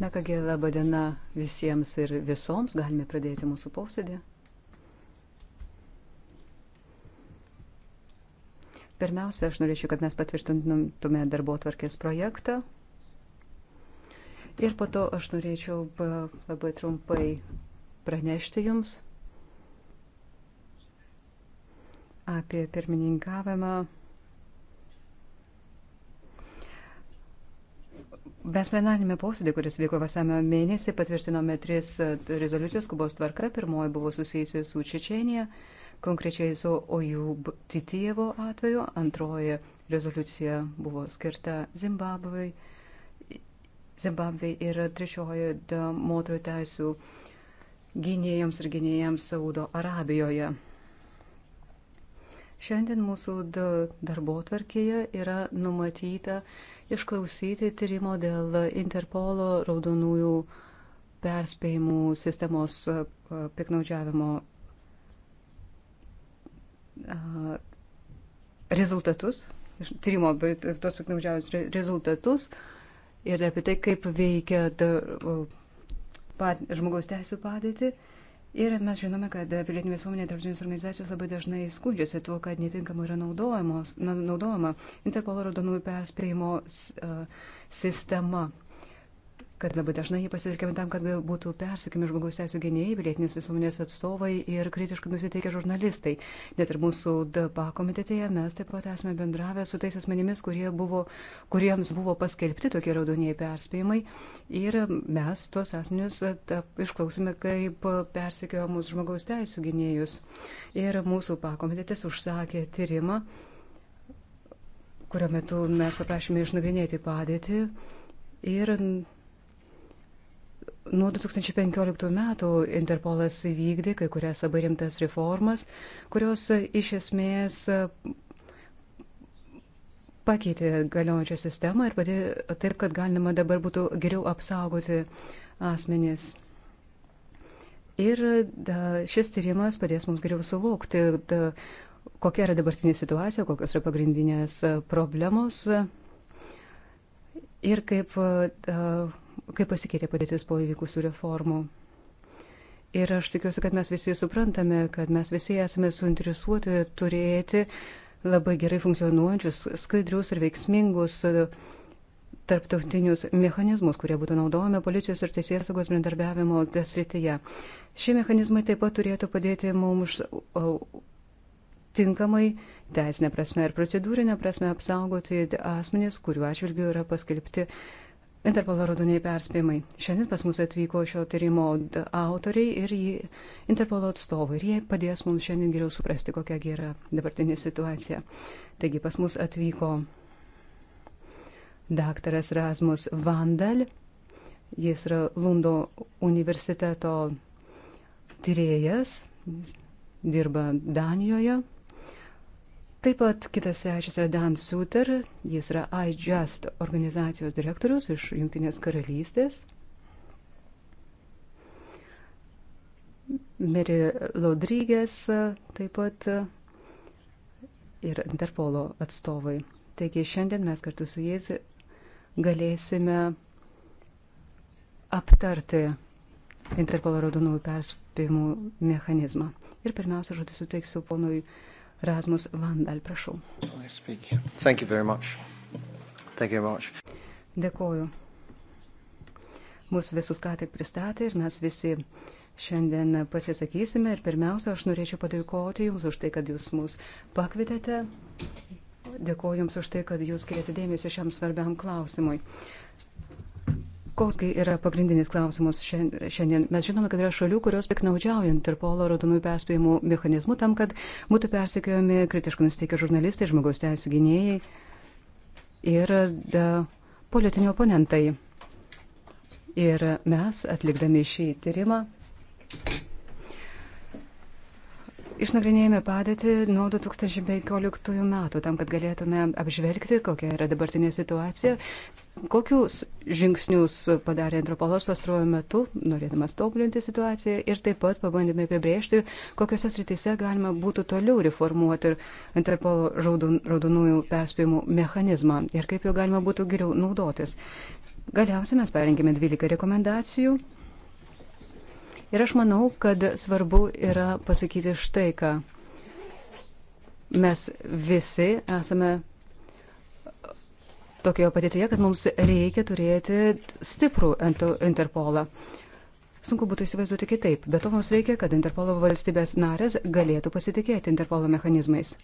Na kągi, laba diena visiems ir visoms. Galime pradėti mūsų posėdį. Pirmiausia, aš norėčiau, kad mes patvirtintume darbo tvarkės projektą. Ir po to aš norėčiau labai trumpai pranešti jums apie pirmininkavimą Mes plenarinėme posėdė, kuris vyko vasame mėnesį, patvirtinome tris e, rezoliucijos skubos tvarka. Pirmoji buvo susijusi su Čečenija, konkrečiai su Ojub Titievo atveju. Antroji rezoliucija buvo skirta Zimbabvai. Zimbabvai ir trečioji moterų teisų gynėjams ir gynėjams Saudo Arabijoje. Šiandien mūsų darbo tvarkėje yra numatyta uh, išklausyti tyrimo dėl Interpolo raudonųjų perspėjimų sistemos piknaudžiavimo rezultatus, tyrimo, bet tos piknaudžiavimus rezultatus ir apie tai, kaip veikia žmogaus teisų padėti. Ir mes žinome, kad pilietinė visuomenė tarptautinės organizacijos labai dažnai skundžiasi tuo, kad netinkamai yra naudojama Interpolo raudonųjų perspėjimo sistema kad labai dažnai jie pasitelkiami tam, kad būtų persikimi žmogaus teisų gynėjai, pilietinės visuomenės atstovai ir kritiškai nusiteikę žurnalistai. Net ir mūsų DBA komitetėje mes taip pat esame bendravę su tais asmenimis, kurie buvo, kuriems buvo paskelbti tokie raudonieji perspėjimai. Ir mes tuos asmenis e, išklausime kaip persikiojamus žmogaus teisų gynėjus. Ir mūsų PA komitetas užsakė tyrimą kurio metu mes paprašėme išnagrinėti padėtį ir Nuo 2015 metų Interpolas įvykdė kai kurias labai rimtas reformas, kurios e, iš esmės e, pakeitė galiojančią sistemą ir padė taip, kad galima dabar būtų geriau apsaugoti asmenys. Ir da, šis tyrimas padės mums geriau suvokti, da, kokia yra dabartinė situacija, kokios yra pagrindinės e, problemos ir kaip da, kaip pasikeitė padėtis po įvykusių reformų. Ir aš tikiuosi, kad mes visi suprantame, kad mes visi esame suinteresuoti turėti labai gerai funkcionuojančius, skaidrius ir veiksmingus e, tarptautinius mechanizmus, kurie būtų naudojami policijos ir teisės saugos bendarbiavimo srityje. Šie mechanizmai taip pat turėtų padėti mums e, tinkamai teisinė prasme ir procedūrinė prasme apsaugoti asmenys, kuriuo atžvilgiu yra paskelbti uh, Interpolo raudoniai perspėjimai. Šiandien pas mus atvyko šio tyrimo autoriai ir jį, Interpolo atstovai ir jie padės mums šiandien geriau suprasti, kokia yra dabartinė situacija. Taigi pas mus atvyko daktaras Rasmus Vandal, jis yra Lundo universiteto tyrėjas, dirba Danijoje Taip pat kitas svečias yra Dan Suter, jis yra iJust organizacijos direktorius iš Junktinės karalystės. Meri Laudrygės taip pat ir Interpolo atstovai. Taigi šiandien mes kartu su jais galėsime aptarti Interpolo raudonųjų perspėjimų mechanizmą. Ir pirmiausia, žodį suteiksiu ponui. Rasmus Vandal, prašau. Dėkoju. Mūsų visus ką tik pristatė ir mes visi šiandien pasisakysime. Ir pirmiausia, aš norėčiau padėkoti Jums už tai, kad Jūs mus pakvietėte. Dėkoju Jums už tai, kad Jūs skiriate dėmesį šiam svarbiam klausimui. Koksgi yra pagrindinis klausimas šiandien? Mes žinome, kad yra šalių, kurios piknaudžiauja Interpolo raudonųjų perspėjimų mechanizmų tam, kad būtų persekiojami kritiškai nusteikę žurnalistai, žmogaus teisų gynėjai ir da, politiniai oponentai. Ir mes, atlikdami šį tyrimą, Išnagrinėjame padėtį nuo 2015 metų, tam, kad galėtume apžvelgti, kokia yra dabartinė situacija, kokius žingsnius padarė Antropolos pastaruoju metu, norėdamas tobulinti situaciją ir taip pat pabandėme apibrėžti, kokiuose srityse galima būtų toliau reformuoti Antropolo raudonųjų perspėjimų mechanizmą ir kaip jo galima būtų geriau naudotis. Galiausiai mes parengėme 12 rekomendacijų Ir aš manau, kad svarbu yra pasakyti štai ką. Mes visi esame tokioje padėtyje, kad mums reikia turėti stiprų Interpolą. Sunku būtų įsivaizduoti kitaip, bet to mums reikia, kad Interpolo valstybės narės galėtų pasitikėti Interpolo mechanizmais.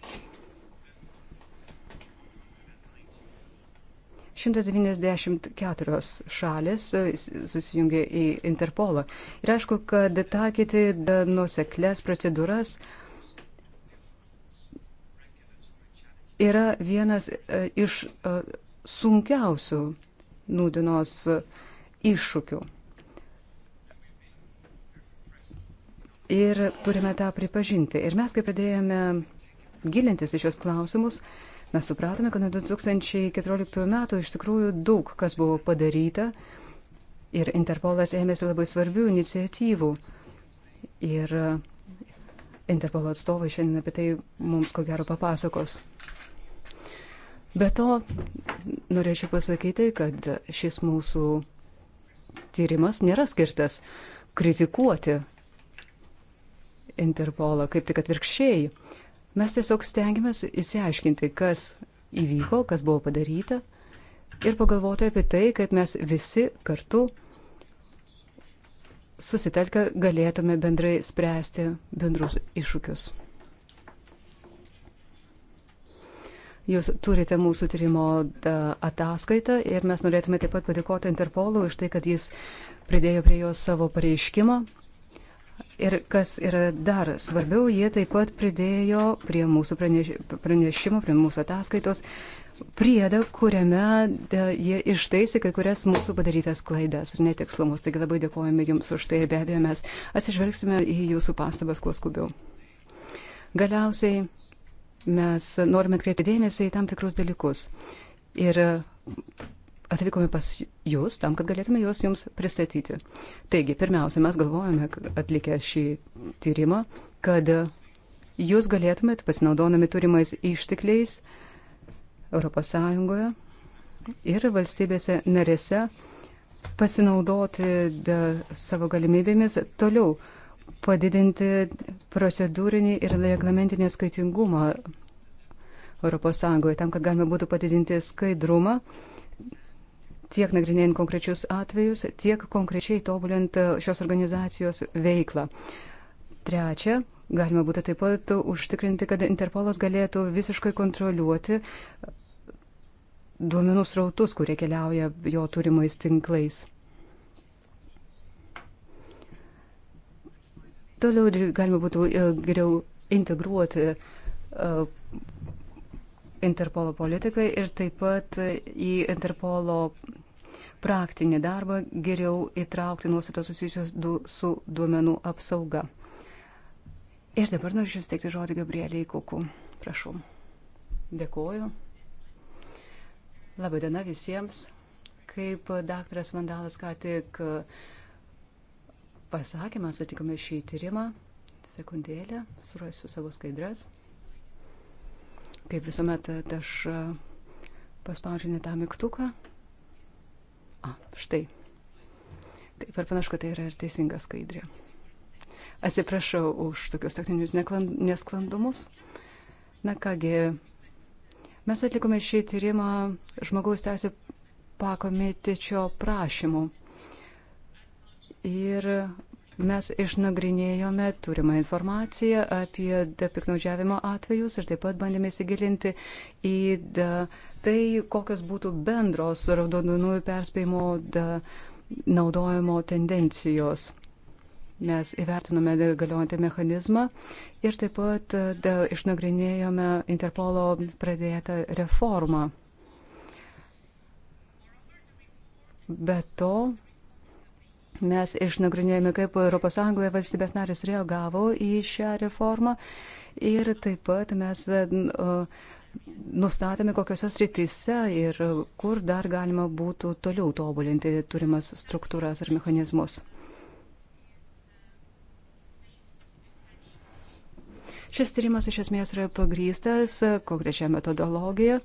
194 šalis e, susijungė į Interpolą. Ir aišku, kad taikyti nuseklės procedūras yra vienas e, iš e, sunkiausių nūdienos iššūkių. Ir turime tą pripažinti. Ir mes, kai pradėjome gilintis į šios klausimus, uh, Mes supratome, kad nuo 2014 metų iš tikrųjų daug kas buvo padaryta ir Interpolas ėmėsi labai svarbių iniciatyvų. Ir Interpolo atstovai šiandien apie tai mums ko gero papasakos. Be to, norėčiau pasakyti, kad šis mūsų tyrimas nėra skirtas kritikuoti Interpolą, kaip tik atvirkščiai. Mes tiesiog stengiamės įsiaiškinti, kas įvyko, kas buvo padaryta ir pagalvoti apie tai, kaip mes visi kartu susitelkę galėtume bendrai spręsti bendrus iššūkius. Jūs turite mūsų tyrimo ataskaitą ir mes norėtume taip pat padėkoti Interpolui už tai, kad jis pridėjo prie jos savo pareiškimą Ir kas yra dar svarbiau, jie taip pat pridėjo prie mūsų pranešimo, prie mūsų ataskaitos priedą, kuriame e, jie ištaisė kai kurias mūsų padarytas klaidas ir netikslumus. Taigi labai dėkojame Jums už tai ir be abejo mes atsižvelgsime į Jūsų pastabas kuo skubiau. Galiausiai mes norime kreipti dėmesį į tam tikrus dalykus. Ir atvykome pas jūs tam, kad galėtume juos jums pristatyti. Taigi, pirmiausia, mes galvojame, atlikę šį tyrimą, kad jūs galėtumėt, pasinaudodami turimais ištikliais ES ir valstybėse narėse, pasinaudoti savo galimybėmis toliau padidinti procedūrinį ir reglamentinį skaitingumą ES, tam, kad galima būtų padidinti skaidrumą tiek nagrinėjant konkrečius atvejus, tiek konkrečiai tobulint e, šios organizacijos veiklą. Trečia, galima būtų taip pat užtikrinti, kad Interpolas galėtų visiškai kontroliuoti e, duomenų srautus, kurie keliauja jo turimais tinklais. Toliau galima būtų e, geriau integruoti Interpolo politikai ir taip pat į Interpolo praktinį darbą geriau įtraukti nuostatos susijusios du, su duomenų apsauga. Ir dabar noriu steigti žodį Gabrieliai Kuku. Prašau. Dėkuoju. Labadiena visiems. Kaip daktaras Vandalas ką tik pasakė, mes atikome šį tyrimą. Sekundėlę, surasiu savo skaidras. Kaip visuomet, e, tai aš e, paspaudžiu ne tą mygtuką. A, štai. Taip, ar panašu, kad tai yra ir teisinga skaidrė. Atsiprašau už tokius techninius nesklandumus. Na kągi, mes atlikome šį tyrimą žmogaus teisų pakomitečio prašymu. Ir Mes išnagrinėjome turimą informaciją apie piknaudžiavimo atvejus ir taip pat bandėme įsigilinti į da, tai, kokios būtų bendros raudonųjų perspėjimo da, naudojimo tendencijos. Mes įvertinome galiojantį mechanizmą ir taip pat da, išnagrinėjome Interpolo pradėtą reformą. Be to, Mes išnagrinėjome, kaip ES valstybės narės reagavo į šią reformą ir taip pat mes e, nustatėme, kokiuose sritise ir kur dar galima būtų toliau tobulinti turimas struktūras ir mechanizmus. Šis tyrimas iš esmės yra pagrystas konkrečia metodologija.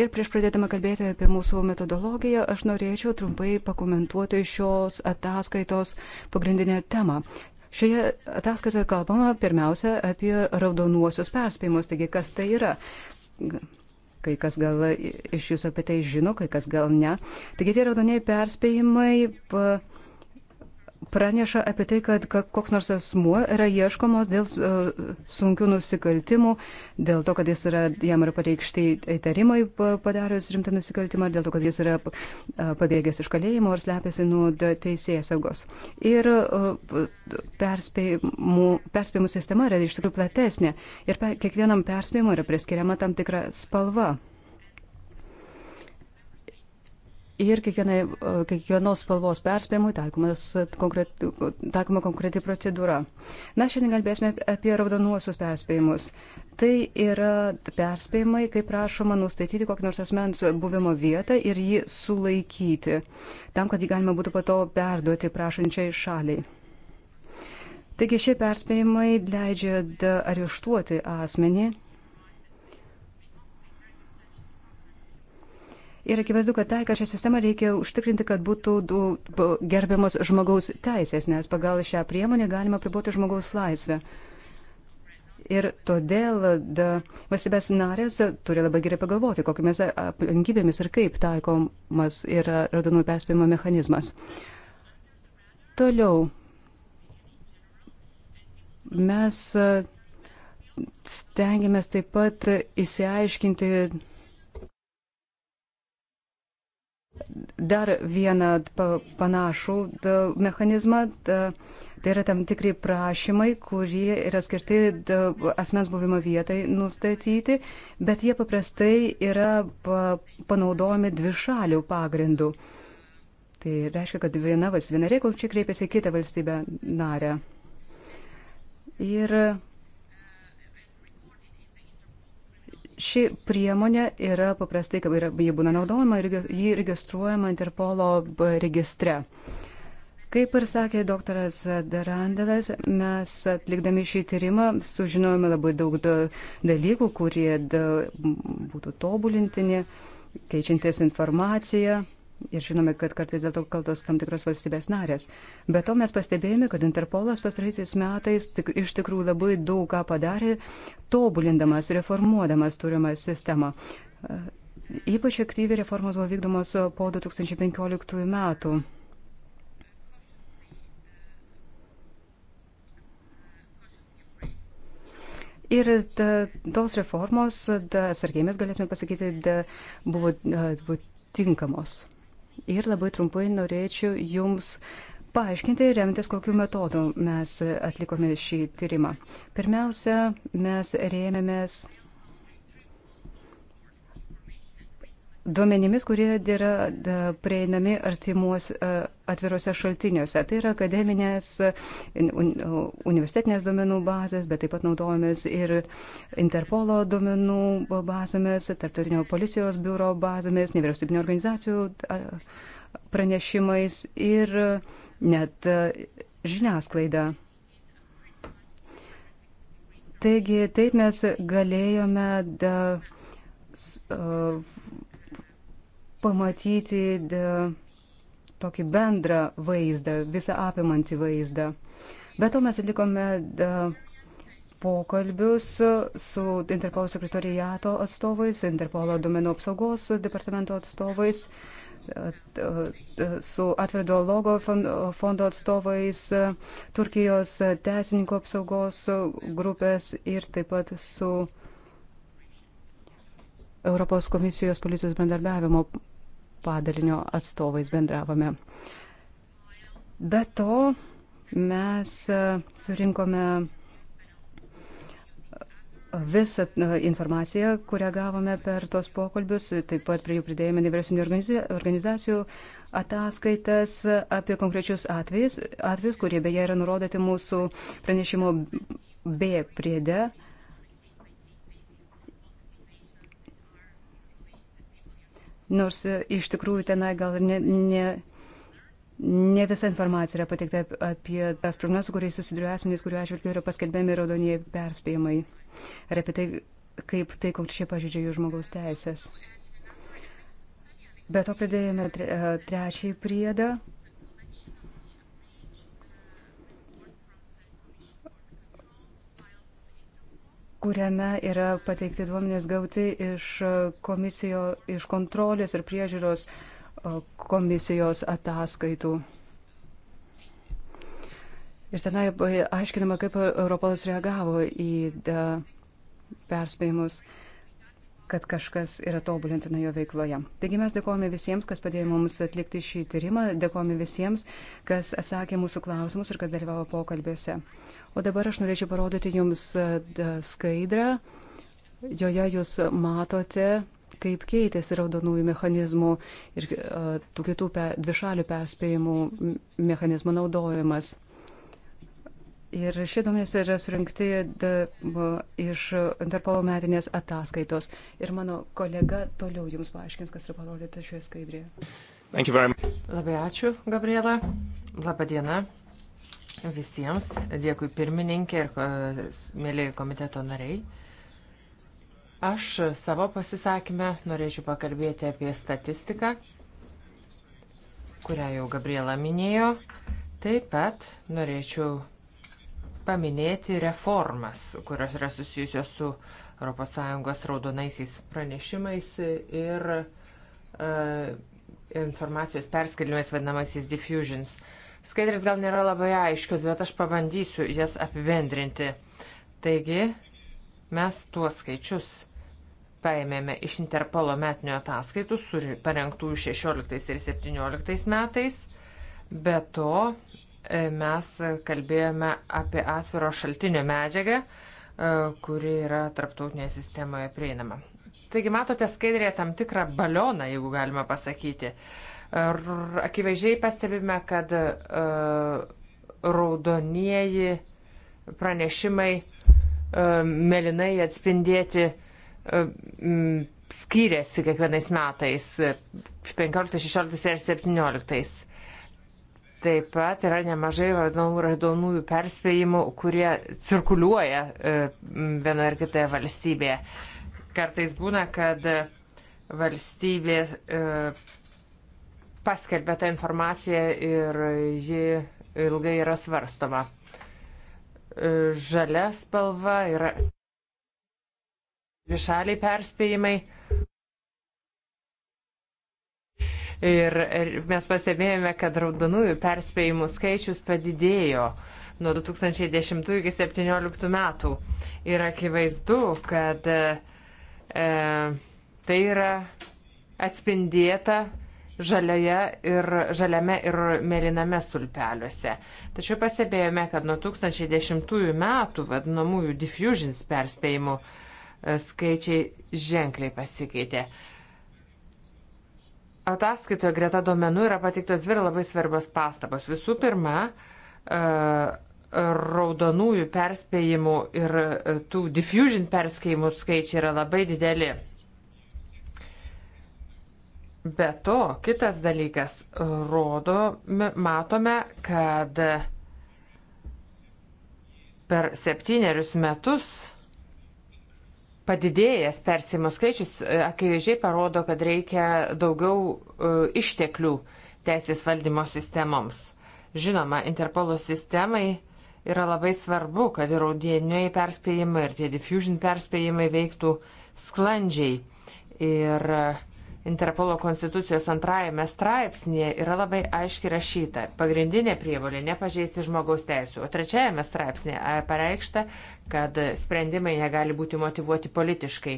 Ir prieš pradėdama kalbėti apie mūsų metodologiją, aš norėčiau trumpai pakomentuoti šios ataskaitos pagrindinę temą. Šioje ataskaitoje kalbama pirmiausia apie raudonuosius perspėjimus, taigi kas tai yra kai kas gal iš jūsų apie tai žino, kai kas gal ne. Taigi tie raudoniai perspėjimai praneša apie tai, kad koks nors asmuo yra ieškomos dėl e, sunkių nusikaltimų, dėl to, kad jis yra, jam yra pareikšti įtarimai padarius rimtą nusikaltimą, dėl to, kad jis yra e, pabėgęs iš kalėjimo ar slepiasi nuo teisėjas saugos. Ir e, perspėjimų, perspėjimų sistema yra iš tikrųjų platesnė ir kiekvienam perspėjimui yra priskiriama tam tikra spalva ir kiekvienai, e, kiekvienos spalvos perspėjimui konkret, taikoma konkreti procedūra. Mes šiandien kalbėsime apie raudonuosius perspėjimus. Tai yra perspėjimai, kai prašoma nustatyti kokį nors asmens buvimo vietą ir jį sulaikyti, tam, kad jį galima būtų pato perduoti prašančiai šaliai. Taigi šie perspėjimai leidžia areštuoti asmenį Ir akivaizdu, kad taikant šią sistemą reikia užtikrinti, kad būtų gerbiamos žmogaus teisės, nes pagal šią priemonę galima priboti žmogaus laisvę. Ir todėl da, valstybės narės turi labai gerai pagalvoti, kokiamis aplinkybėmis ir kaip taikomas yra radonų perspėjimo mechanizmas. Toliau mes stengiamės taip pat įsiaiškinti dar vieną panašų mechanizmą. Tai yra tam tikri prašymai, kurie yra skirti asmens buvimo vietai nustatyti, bet jie paprastai yra panaudojami dvišalių pagrindų. Tai reiškia, kad viena valstybė narė, kol čia kreipiasi kitą valstybę narę. Ir Ši priemonė yra paprastai, kad ji būna naudojama ir ji registruojama Interpolo registre. Kaip ir sakė doktoras Darandelas, mes atlikdami šį tyrimą sužinojome labai daug dalykų, kurie būtų tobulintini, keičiantis informaciją. Ir žinome, kad kartais dėl to kaltos tam tikros valstybės narės. Be to mes pastebėjome, kad Interpolas pastaraisiais metais tik, iš tikrųjų labai daug ką padarė, tobulindamas, reformuodamas turimą sistemą. E, ypač aktyviai reformos buvo vykdomos po 2015 metų. Ir ta, tos reformos, atsargiai mes galėtume pasakyti, da, buvo, da, buvo tinkamos ir labai trumpai norėčiau Jums paaiškinti, remtis kokiu metodu mes atlikome šį tyrimą. Pirmiausia, mes rėmėmės duomenimis, kurie yra prieinami artimuos atvirose šaltiniuose. Tai yra akademinės, universitetinės duomenų bazės, bet taip pat naudojamės ir Interpolo duomenų bazėmis, tarptautinio policijos biuro bazėmis, nevyriausybinio organizacijų pranešimais ir net žiniasklaida. Taigi taip mes galėjome da, s, uh, pamatyti e, tokį bendrą vaizdą, visą apimantį vaizdą. Bet to mes atlikome e, pokalbius su Interpolo sekretorijato atstovais, Interpolo duomenų apsaugos departamento atstovais, e, su atviro dialogo fondo atstovais, Turkijos teisininko apsaugos grupės ir taip pat su Europos komisijos policijos bendarbiavimo padalinio atstovais bendravome. Be to, mes e, surinkome e, visą e, informaciją, kurią gavome per tos pokalbius, taip pat prie jų pridėjome nevyriausybinio organizacijų ataskaitas apie konkrečius atvejus, atvejus, kurie beje yra nurodyti mūsų pranešimo B priede. nors e, iš tikrųjų tenai gal ne, ne, ne visa informacija yra pateikta apie tas problemas, su kuriais susiduria asmenys, kurių atžvilgiu yra paskelbėmi raudonieji perspėjimai ir apie tai, kaip tai konkrečiai pažydžia jų žmogaus teisės. Be to pridėjome e, trečiąjį priedą, kuriame yra pateikti duomenės gauti iš, e, komisijo, iš kontrolės ir priežiūros e, komisijos ataskaitų. Ir tenai aiškinama, kaip Europolas reagavo į e, perspėjimus. Uh, kad kažkas yra tobulintina jo veikloje. Taigi mes dėkojame visiems, kas padėjo mums atlikti šį tyrimą, dėkojame visiems, kas atsakė mūsų klausimus ir kas dalyvavo pokalbėse. O dabar aš norėčiau parodyti jums e, skaidrą, joje jūs matote, kaip keitėsi raudonųjų mechanizmų ir uh, tų kitų pe, dvišalių perspėjimų mechanizmų naudojimas. Ir šie duomenys yra surinkti iš Interpolo metinės ataskaitos. Ir mano kolega toliau jums paaiškins, kas yra parodyta šioje skaidrėje. Labai ačiū, Gabriela. Labadiena visiems. Dėkui pirmininkė ir e, mėlyje komiteto nariai. Aš savo pasisakymę norėčiau pakalbėti apie statistiką, kurią jau Gabriela minėjo. Taip pat norėčiau paminėti reformas, kurios yra susijusios su ES raudonaisiais pranešimais ir e, informacijos perskelimais vadinamaisiais diffusions. Skaidrės gal nėra labai aiškios, bet aš pabandysiu jas apibendrinti. Taigi, mes tuos skaičius paėmėme iš Interpolo metinių ataskaitų, parengtų 16 ir 17 metais. Be to, mes kalbėjome apie atviro šaltinio medžiagą, e, kuri yra tarptautinėje sistemoje prieinama. Taigi matote skaidrėje tam tikrą balioną, jeigu galima pasakyti. Ir e, akivaizdžiai pastebime, kad e, raudonieji pranešimai melinai atspindėti skyrėsi kiekvienais metais 15, 16 ir 17. Taip pat yra nemažai vadinamų raudonųjų perspėjimų, kurie cirkuliuoja e, vienoje ar kitoje valstybėje. Kartais būna, kad valstybė e, paskelbė tą informaciją ir ji ilgai yra svarstoma. E, žalia spalva yra višaliai perspėjimai. Ir mes pasėmėjome, kad raudonųjų perspėjimų skaičius padidėjo nuo 2010 iki 2017 metų. Ir akivaizdu, kad e, tai yra atspindėta žalioje ir žaliame ir mėlyname stulpeliuose. Tačiau pastebėjome, kad nuo 2010 metų vadinamųjų diffusions perspėjimų e, skaičiai ženkliai pasikeitė. Ataskaitoje greta duomenų yra pateiktos dvi labai svarbios pastabos. Visų pirma, e, raudonųjų perspėjimų ir e, tų diffusion perspėjimų skaičiai yra labai dideli. Be to, kitas dalykas, rodo, matome, kad per septynerius metus padidėjęs persimų skaičius e, akivaizdžiai parodo, kad reikia daugiau e, išteklių teisės valdymo sistemoms. Žinoma, Interpolo sistemai yra labai svarbu, kad ir audieniniai perspėjimai, ir tie diffusion perspėjimai veiktų sklandžiai. Ir uh, Interpolo konstitucijos antrajame straipsnėje yra labai aiškiai rašyta pagrindinė prievolė nepažeisti žmogaus teisų, o trečiajame straipsnėje pareikšta, kad sprendimai negali būti motivuoti politiškai.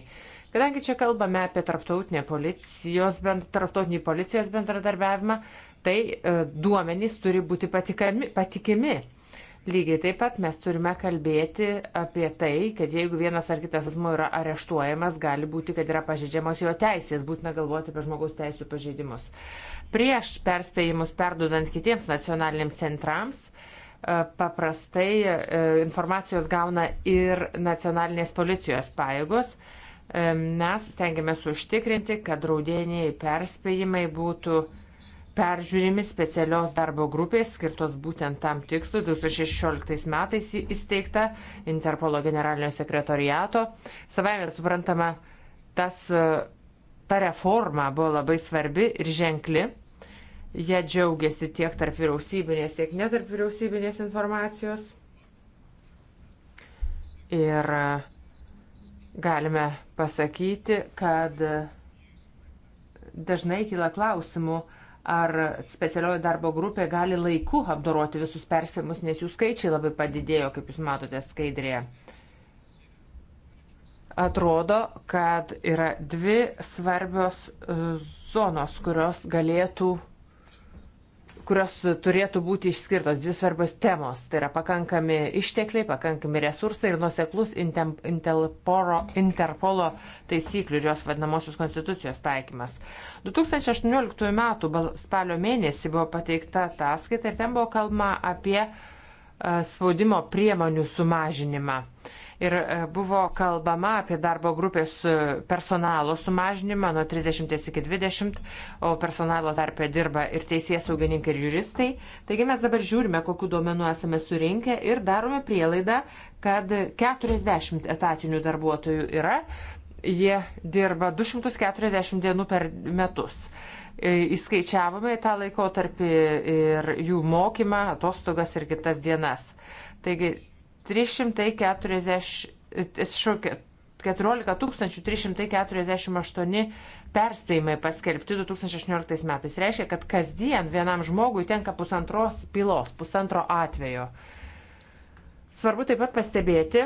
Kadangi čia kalbame apie tarptautinę policijos, tarptautinį policijos bendradarbiavimą, tai e, duomenys turi būti patikami, patikimi. Lygiai taip pat mes turime kalbėti apie tai, kad jeigu vienas ar kitas asmo yra areštuojamas, gali būti, kad yra pažeidžiamos jo teisės, būtina galvoti apie žmogaus teisų pažeidimus. Prieš perspėjimus perdudant kitiems nacionaliniams centrams, e, paprastai e, informacijos gauna ir nacionalinės policijos pajėgos. E, mes stengiamės užtikrinti, kad draudėjiniai perspėjimai būtų uh, peržiūrimi specialios darbo grupės skirtos būtent tam tikslui 2016 metais įsteigta Interpolo generalinio sekretoriato. Savaime suprantama, tas, e, ta reforma buvo labai svarbi ir ženkli. Jie džiaugiasi tiek tarp vyriausybinės, tiek netarp vyriausybinės informacijos. Ir e, galime pasakyti, kad e, dažnai kyla klausimų, ar specialioji darbo grupė gali laiku apdoroti visus perspėjimus, nes jų skaičiai labai padidėjo, kaip jūs matote skaidrėje. Atrodo, kad yra dvi svarbios e, zonos, kurios galėtų kurios turėtų būti išskirtos, dvi svarbios temos. Tai yra pakankami ištekliai, pakankami resursai ir nuseklus Interpolo, Interpolo taisyklių ir jos vadinamosios konstitucijos taikymas. 2018 m. spalio mėnesį buvo pateikta ataskaita ir ten buvo kalbama apie E, spaudimo priemonių sumažinimą. Ir e, buvo kalbama apie darbo grupės e, personalo sumažinimą nuo 30 iki 20, o personalo tarpė dirba ir teisės saugininkai, ir juristai. Taigi mes dabar žiūrime, kokiu duomenu esame surinkę ir darome prielaidą, kad 40 etatinių darbuotojų yra, jie dirba 240 dienų per metus. E, įskaičiavome tą laikotarpį ir jų mokymą, atostogas ir kitas dienas. Taigi 340, 14 348 perspėjimai paskelbti 2016 metais. Reiškia, kad kasdien vienam žmogui tenka pusantros pilos, pusantro atvejo. Svarbu taip pat pastebėti,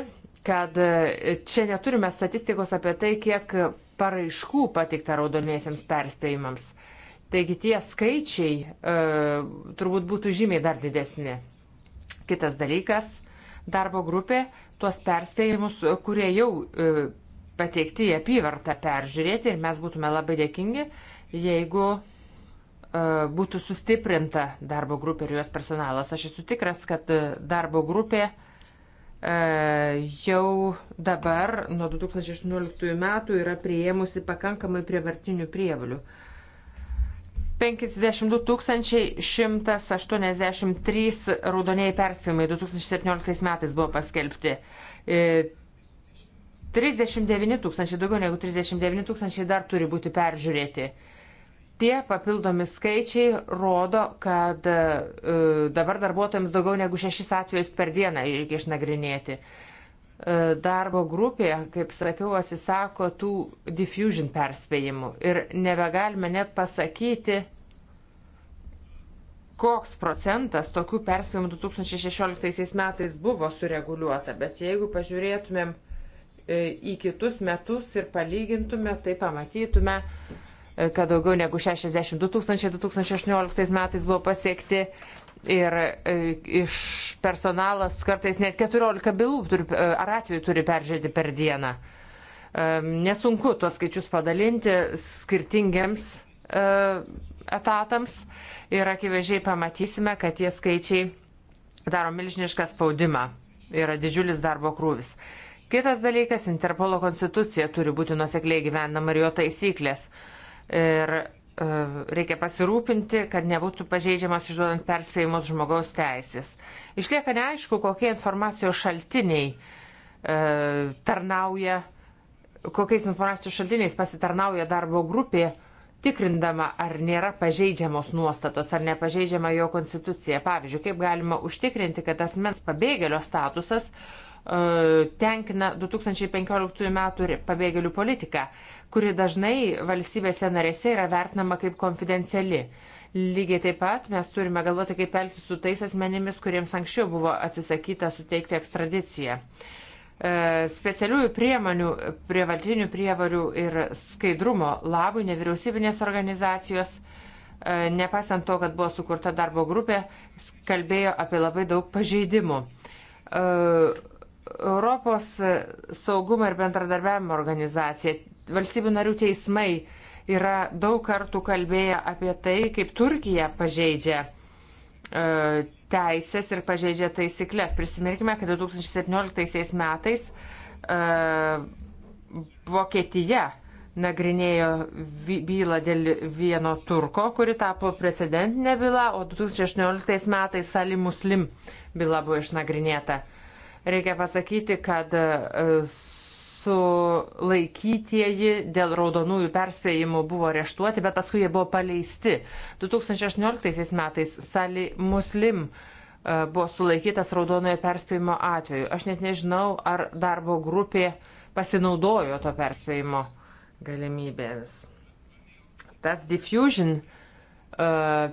kad e, čia neturime statistikos apie tai, kiek paraiškų pateikta raudoniesiems perspėjimams. Taigi tie skaičiai e, turbūt būtų žymiai dar didesni. Kitas dalykas - darbo grupė tuos perspėjimus, kurie jau e, pateikti į apyvartą peržiūrėti ir mes būtume labai dėkingi, jeigu e, būtų sustiprinta darbo grupė ir jos personalas. Aš esu tikras, kad e, darbo grupė e, jau dabar nuo 2018 metų yra prieimusi pakankamai prievartinių prievalių. E, 52 183 raudonieji perspėjimai 2017 metais buvo paskelbti. 39 e, tūkstančiai, daugiau negu 39 tūkstančiai dar turi būti peržiūrėti. Tie papildomi skaičiai rodo, kad e, dabar darbuotojams daugiau negu 6 atvejus per dieną reikia išnagrinėti. E, darbo grupėje, kaip sakiau, atsisako tų diffusion perspėjimų ir nebegalime net pasakyti, koks procentas tokių perspėjimų 2016 metais buvo sureguliuota, bet jeigu pažiūrėtumėm e, į kitus metus ir palygintume, tai pamatytume, e, kad daugiau negu 62 tūkstančiai 2018 metais buvo pasiekti Ir e, iš personalas kartais net 14 bylų turi, e, ar atveju turi peržiūrėti per dieną. E, nesunku tuos skaičius padalinti skirtingiams etatams ir akivaizdžiai pamatysime, kad tie skaičiai daro milžinišką spaudimą. Yra didžiulis darbo krūvis. Kitas dalykas - Interpolo konstitucija turi būti nusekliai gyvenama ir jo taisyklės. Ir E, reikia pasirūpinti, kad nebūtų pažeidžiamas išduodant perspėjimus žmogaus teisės. Išlieka neaišku, kokie informacijos šaltiniai e, tarnauja, kokiais informacijos šaltiniais pasitarnauja darbo grupė, tikrindama, ar nėra pažeidžiamos nuostatos, ar nepažeidžiama jo konstitucija. Pavyzdžiui, kaip galima užtikrinti, kad asmens pabėgėlio statusas E, tenkina 2015 metų pabėgėlių politika, kuri dažnai valstybėse narėse yra vertinama kaip konfidenciali. Lygiai taip pat mes turime galvoti, kaip elgtis su tais asmenimis, kuriems anksčiau buvo atsisakyta suteikti ekstradiciją. E, specialiųjų priemonių, prievaltinių prievarių ir skaidrumo labui nevyriausybinės organizacijos e, nepaisant to, kad buvo sukurta darbo grupė, kalbėjo apie labai daug pažeidimų. Europos saugumo ir bendradarbiavimo organizacija, valstybių narių teismai yra daug kartų kalbėję apie tai, kaip Turkija pažeidžia e, teisės ir pažeidžia taisyklės. Prisimirkime, kad 2017 metais e, Vokietija nagrinėjo bylą dėl vieno turko, kuri tapo precedentinė byla, o 2018 metais Sali Muslim byla buvo išnagrinėta. Reikia pasakyti, kad e, sulaikytieji dėl raudonųjų perspėjimų buvo areštuoti, bet paskui jie buvo paleisti. 2018 metais Sali Muslim e, buvo sulaikytas raudonojo perspėjimo atveju. Aš net nežinau, ar darbo grupė pasinaudojo to perspėjimo galimybėmis. Tas diffusion uh,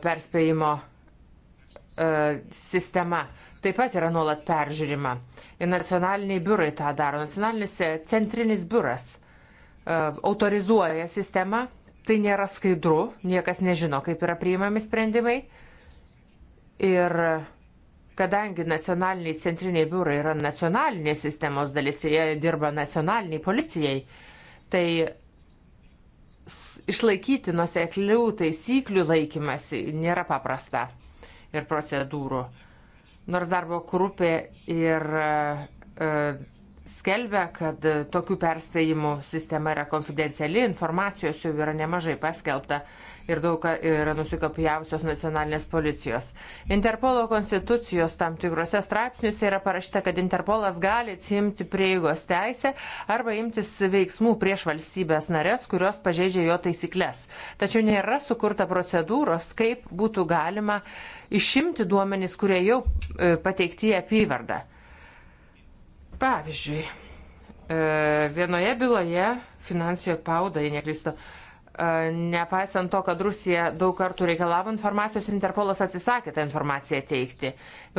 perspėjimo uh, sistema uh, taip pat yra nuolat peržiūrima. Ir nacionaliniai biurai tą daro. Nacionalinis e, centrinis biuras e, autorizuoja sistemą, tai nėra skaidru, niekas nežino, kaip yra priimami sprendimai. Ir kadangi nacionaliniai centriniai biurai yra nacionalinės sistemos dalis ir jie dirba nacionaliniai policijai, tai išlaikyti nuseklių taisyklių laikymasi nėra paprasta ir procedūrų. Nors darbo grupė ir e, skelbia, kad e, tokių perspėjimų sistema yra konfidenciali, informacijos jau yra nemažai paskelbta ir daug yra nusikopijavusios nacionalinės policijos. Interpolo konstitucijos tam tikrose straipsniuose yra parašyta, kad Interpolas gali atsimti prieigos teisę arba imtis veiksmų prieš valstybės narės, kurios pažeidžia jo taisyklės. Tačiau nėra sukurta procedūros, kaip būtų galima išimti duomenys, kurie jau e, pateikti į apyvardą. Pavyzdžiui, e, vienoje byloje finansijoje pauda, jei neklystu, e, nepaisant to, kad Rusija daug kartų reikalavo informacijos, Interpolas atsisakė tą informaciją teikti.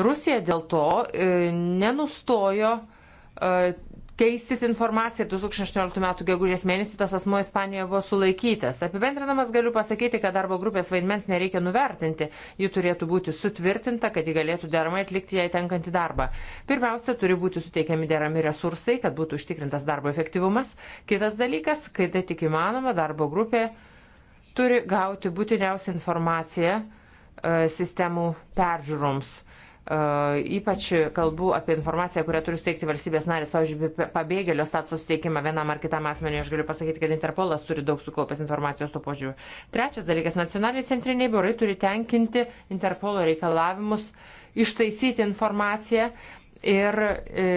Rusija dėl to e, nenustojo keistis informacija ir 2018 m. gegužės mėnesį tas asmo Ispanijoje buvo sulaikytas. Apibendrinamas galiu pasakyti, kad darbo grupės vaidmens nereikia nuvertinti. Ji turėtų būti sutvirtinta, kad ji galėtų deramai atlikti jai tenkantį darbą. Pirmiausia, turi būti suteikiami derami resursai, kad būtų užtikrintas darbo efektyvumas. Kitas dalykas, kai tai tik įmanoma, darbo grupė turi gauti būtiniausią informaciją e, sistemų peržiūroms E, ypač kalbu apie informaciją, kurią turi steigti valstybės narės, pavyzdžiui, pabėgėlio statuso steigimą vienam ar kitam asmeniui. Aš galiu pasakyti, kad Interpolas turi daug sukaupęs informacijos tuo požiūriu. Trečias dalykas - nacionaliniai centriniai biurai turi tenkinti Interpolo reikalavimus, ištaisyti informaciją ir e,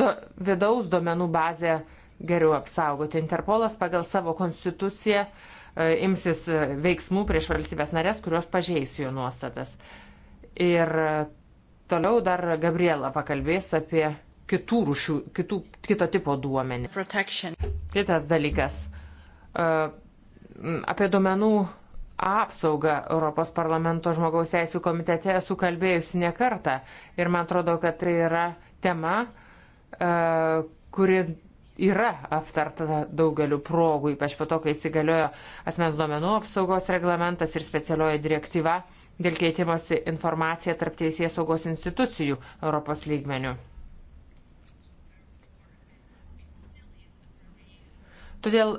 do, vidaus duomenų bazę geriau apsaugoti. Interpolas pagal savo konstituciją e, imsis e, veiksmų prieš valstybės narės, kurios pažeis jų nuostatas. Ir Toliau dar Gabriela pakalbės apie kitų rušių, kitų, kito tipo duomenį. Protection. Kitas dalykas. E, apie duomenų apsaugą Europos parlamento žmogaus teisų komitete esu kalbėjusi ne kartą ir man atrodo, kad tai yra tema, e, kuri yra aptarta daugeliu progų, ypač po to, kai įsigaliojo asmens duomenų apsaugos reglamentas ir specialioji direktyva dėl keitimosi informacija tarp teisės saugos institucijų Europos lygmenių. Todėl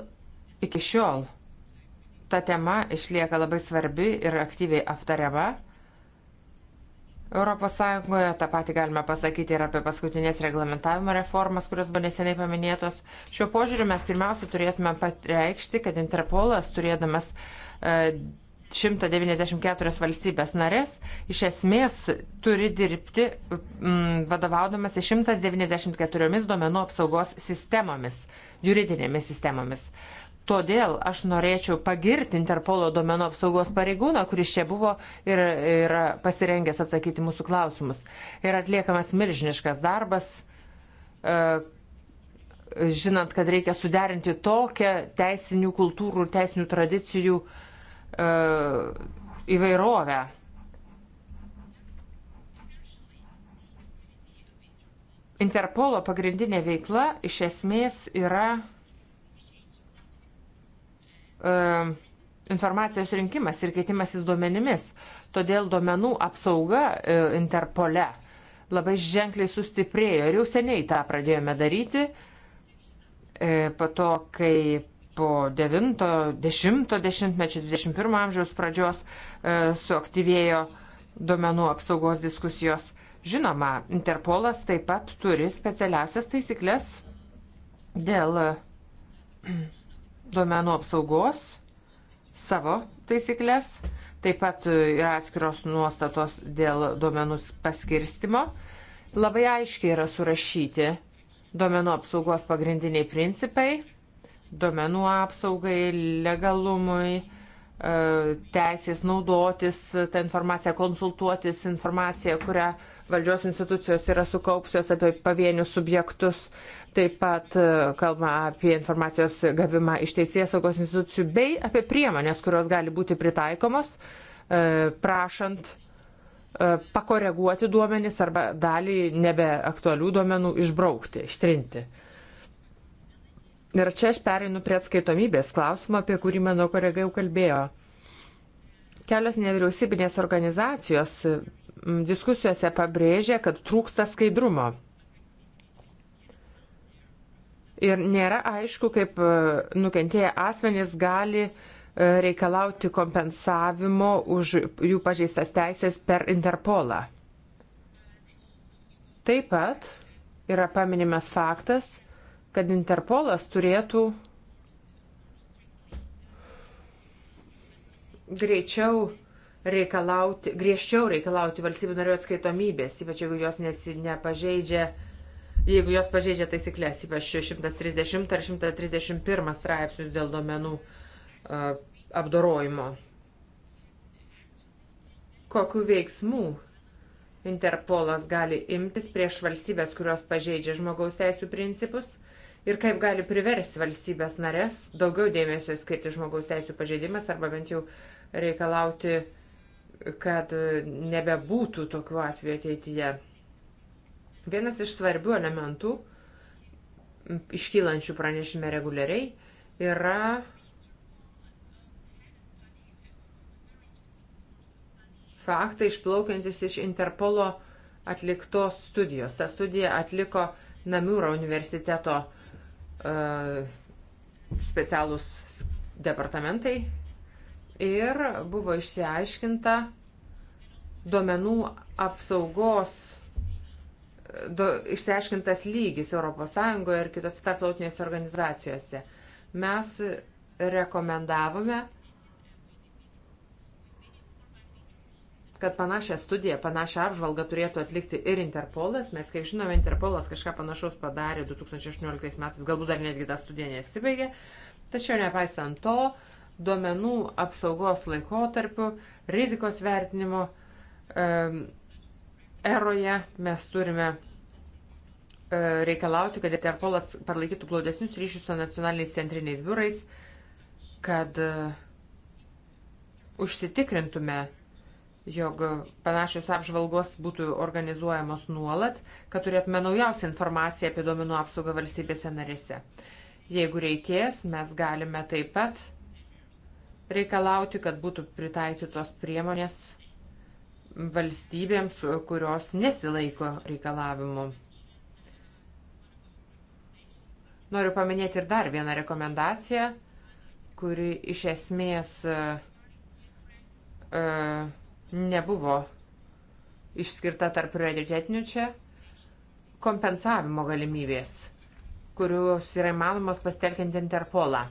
iki šiol ta tema išlieka labai svarbi ir aktyviai aptariama ES. Ta pati galime pasakyti ir apie paskutinės reglamentavimo reformas, kurios buvo neseniai paminėtos. Šiuo požiūriu mes pirmiausia turėtume pareikšti, kad Interpolas turėdamas 194 e, valstybės narės iš esmės turi dirbti mm, vadovaudamas 194 duomenų apsaugos sistemomis, juridinėmis sistemomis. Todėl aš norėčiau pagirti Interpolo domenų apsaugos pareigūną, kuris čia buvo ir yra pasirengęs atsakyti mūsų klausimus. Ir atliekamas milžiniškas darbas, e, žinant, kad reikia suderinti tokią teisinių kultūrų ir teisinių tradicijų e, įvairovę. Interpolo pagrindinė veikla iš esmės yra E, informacijos rinkimas ir keitimasis duomenimis. Todėl duomenų apsauga e, Interpole labai ženkliai sustiprėjo ir jau seniai tą pradėjome daryti. E, po to, kai po 90-mečio 21 amžiaus pradžios suaktyvėjo duomenų apsaugos diskusijos. Žinoma, Interpolas taip pat turi specialiasias taisyklės dėl duomenų apsaugos savo taisyklės, taip pat yra atskiros nuostatos dėl duomenų paskirstimo. Labai aiškiai yra surašyti duomenų apsaugos pagrindiniai principai duomenų apsaugai, legalumui, e, teisės naudotis tą informaciją, konsultuotis informaciją, kurią valdžios institucijos yra sukaupsios apie pavienius subjektus. Taip pat e, kalba apie informacijos gavimą iš teisėsaugos institucijų bei apie priemonės, kurios gali būti pritaikomos, e, prašant e, pakoreguoti duomenis arba dalį nebeaktualių duomenų išbraukti, ištrinti. Ir čia aš pereinu prie atskaitomybės klausimo, apie kurį mano kolega jau kalbėjo. Kelios nevyriausybinės organizacijos diskusijose pabrėžė, kad trūksta skaidrumo. Ir nėra aišku, kaip e, nukentėję asmenys gali e, reikalauti kompensavimo už jų pažeistas teisės per Interpolą. Taip pat yra paminimas faktas, kad Interpolas turėtų greičiau reikalauti, griežčiau reikalauti valstybių narių atskaitomybės, ypač jeigu jos nes, nepažeidžia, jeigu jos pažeidžia taisyklės, ypač 130 ar 131 straipsnius dėl domenų uh, apdorojimo. Kokiu veiksmu Interpolas gali imtis prieš valstybės, kurios pažeidžia žmogaus teisų principus ir kaip gali priversti valstybės narės daugiau dėmesio skirti žmogaus teisų pažeidimas arba bent jau reikalauti uh, kad nebebūtų tokių atvejų ateityje. Vienas iš svarbių elementų iškylančių pranešime reguliariai yra faktai išplaukiantis iš Interpolo atliktos studijos. Ta studija atliko Namiūro universiteto uh, specialūs departamentai, ir buvo išsiaiškinta duomenų apsaugos do, išsiaiškintas lygis ES ir kitose tarptautinėse organizacijose. Mes rekomendavome, kad panašią studiją, panašią apžvalgą turėtų atlikti ir Interpolas. Mes, kaip žinome, Interpolas kažką panašaus padarė 2018 metais, galbūt dar netgi ta studija nesibaigė. Tačiau nepaisant to, uh, duomenų apsaugos laikotarpiu, rizikos vertinimo um, eroje mes turime e, reikalauti, kad Interpolas palaikytų glaudesnius ryšius su nacionaliniais centriniais biurais, kad e, užsitikrintume, jog panašios apžvalgos būtų organizuojamos nuolat, kad turėtume naujausią informaciją apie duomenų apsaugą valstybėse narėse. Jeigu reikės, mes galime taip pat reikalauti, kad būtų pritaikytos priemonės valstybėms, kurios nesilaiko reikalavimų. Noriu paminėti ir dar vieną rekomendaciją, kuri iš esmės uh, nebuvo išskirta tarp prioritetinių čia kompensavimo galimybės, kurios yra įmanomas pasitelkiant Interpolą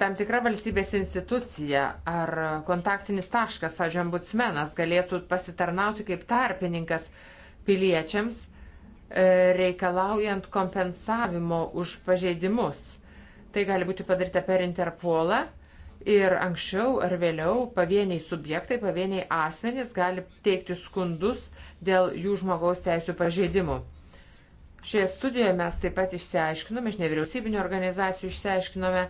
tam tikra valstybės institucija ar kontaktinis taškas, pažiūrėjom, ombudsmenas galėtų pasitarnauti kaip tarpininkas piliečiams, e, reikalaujant kompensavimo už pažeidimus. Tai gali būti padaryta per Interpolą ir anksčiau ar vėliau pavieniai subjektai, pavieniai asmenys gali teikti skundus dėl jų žmogaus teisų pažeidimų. Šioje studijoje mes taip pat išsiaiškinome, iš nevyriausybinio organizacijų išsiaiškinome,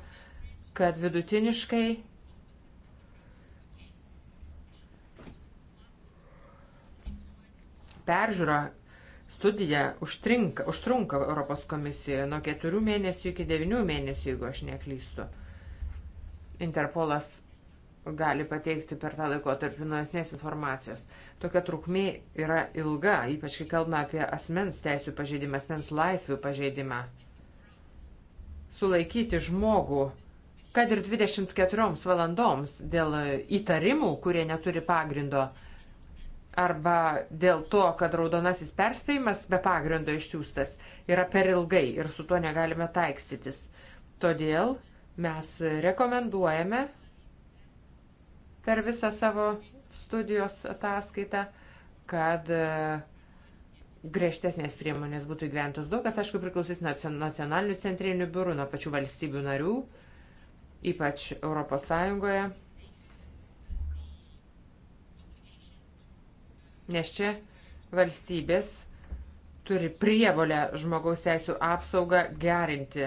kad vidutiniškai peržiūra studija užtrinka, užtrunka Europos komisijoje nuo keturių mėnesių iki devinių mėnesių, jeigu aš neklystu. Interpolas gali pateikti per tą laikotarpį nuosnės informacijos. Tokia trukmė yra ilga, ypač kai kalbame apie asmens teisų pažeidimą, asmens laisvių pažeidimą. Sulaikyti žmogų kad ir 24 valandoms dėl įtarimų, kurie neturi pagrindo, arba dėl to, kad raudonasis perspėjimas be pagrindo išsiųstas yra per ilgai ir su tuo negalime taikstytis. Todėl mes rekomenduojame per visą savo studijos ataskaitą, kad e, griežtesnės priemonės būtų įgyventos daug, kas aišku priklausys nacionalinių centrinių biurų, nuo pačių valstybių narių ypač ES. Nes čia valstybės turi prievolę žmogaus teisų apsaugą gerinti.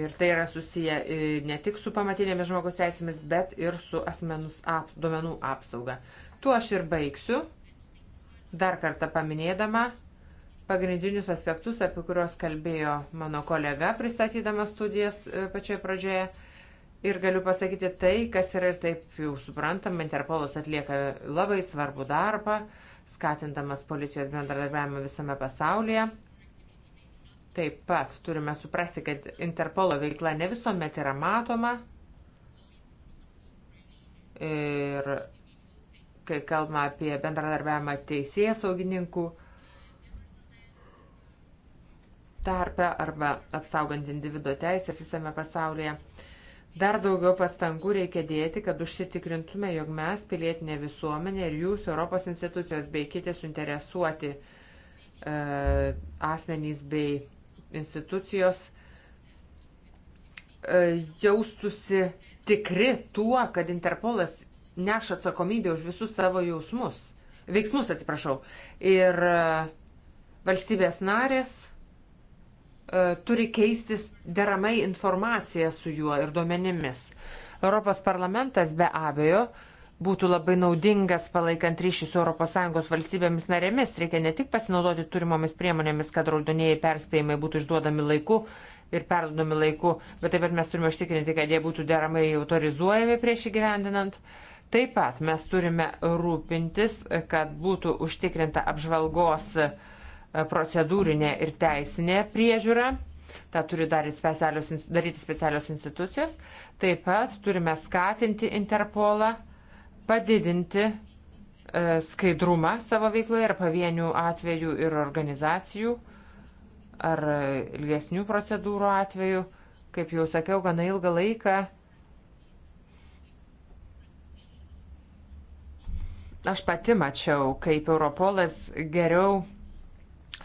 Ir tai yra susiję e, ne tik su pamatinėmis žmogaus teisėmis, bet ir su asmenus ap, duomenų apsauga. Tuo aš ir baigsiu, dar kartą paminėdama, pagrindinius aspektus, apie kuriuos kalbėjo mano kolega pristatydamas studijas e, pačioje pradžioje. Ir galiu pasakyti tai, kas yra ir taip jau suprantama, Interpolas atlieka labai svarbų darbą, skatindamas policijos bendradarbiavimą visame pasaulyje. Taip pat turime suprasti, kad Interpolo veikla ne visuomet yra matoma. Ir kai kalbame apie bendradarbiavimą teisėjų saugininkų, tarpe arba apsaugant individuo teisės visame pasaulyje. Dar daugiau pastangų reikia dėti, kad užsitikrintume, jog mes, pilietinė visuomenė ir jūs, Europos institucijos bei kiti suinteresuoti e, asmenys bei institucijos e, jaustusi tikri tuo, kad Interpolas neša atsakomybę už visus savo jausmus, veiksmus, atsiprašau. Ir e, valstybės narės E, turi keistis deramai informacija su juo ir duomenimis. Europos parlamentas be abejo būtų labai naudingas palaikant ryšį su ES valstybėmis narėmis. Reikia ne tik pasinaudoti turimomis priemonėmis, kad raudonieji perspėjimai būtų išduodami laiku ir perdodami laiku, bet taip pat mes turime užtikrinti, kad jie būtų deramai autorizuojami prieš įgyvendinant. Taip pat mes turime rūpintis, kad būtų užtikrinta apžvalgos uh, E, procedūrinė ir teisinė priežiūra. Ta turi daryti specialios, daryti specialios institucijos. Taip pat turime skatinti Interpolą, padidinti e, skaidrumą savo veikloje ir pavienių atvejų ir organizacijų ar ilgesnių procedūrų atveju. Kaip jau sakiau, gana ilgą laiką aš pati mačiau, kaip Europolas geriau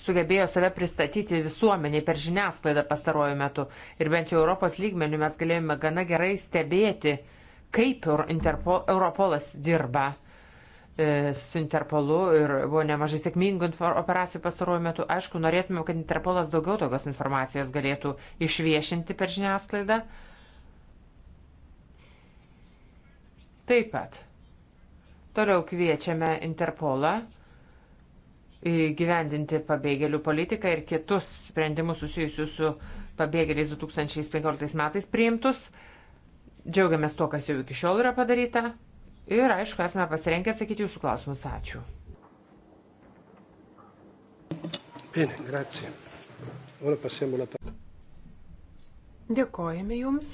sugebėjo save pristatyti visuomeniai per žiniasklaidą pastaruoju metu. Ir bent jau Europos lygmenių mes galėjome gana gerai stebėti, kaip Interpol, Europolas dirba e, su Interpolu ir buvo nemažai sėkmingų operacijų pastaruoju metu. Aišku, norėtume, kad Interpolas daugiau tokios informacijos galėtų išviešinti per žiniasklaidą. Taip pat. Toliau kviečiame Interpolą gyvendinti pabėgėlių politiką ir kitus sprendimus susijusius su pabėgėliais 2015 metais priimtus. Džiaugiamės tuo, kas jau iki šiol yra padaryta. Ir aišku, esame pasirengę atsakyti jūsų klausimus. Ačiū. Bene, grazie. Ora passiamo la parola. Dėkojame Jums.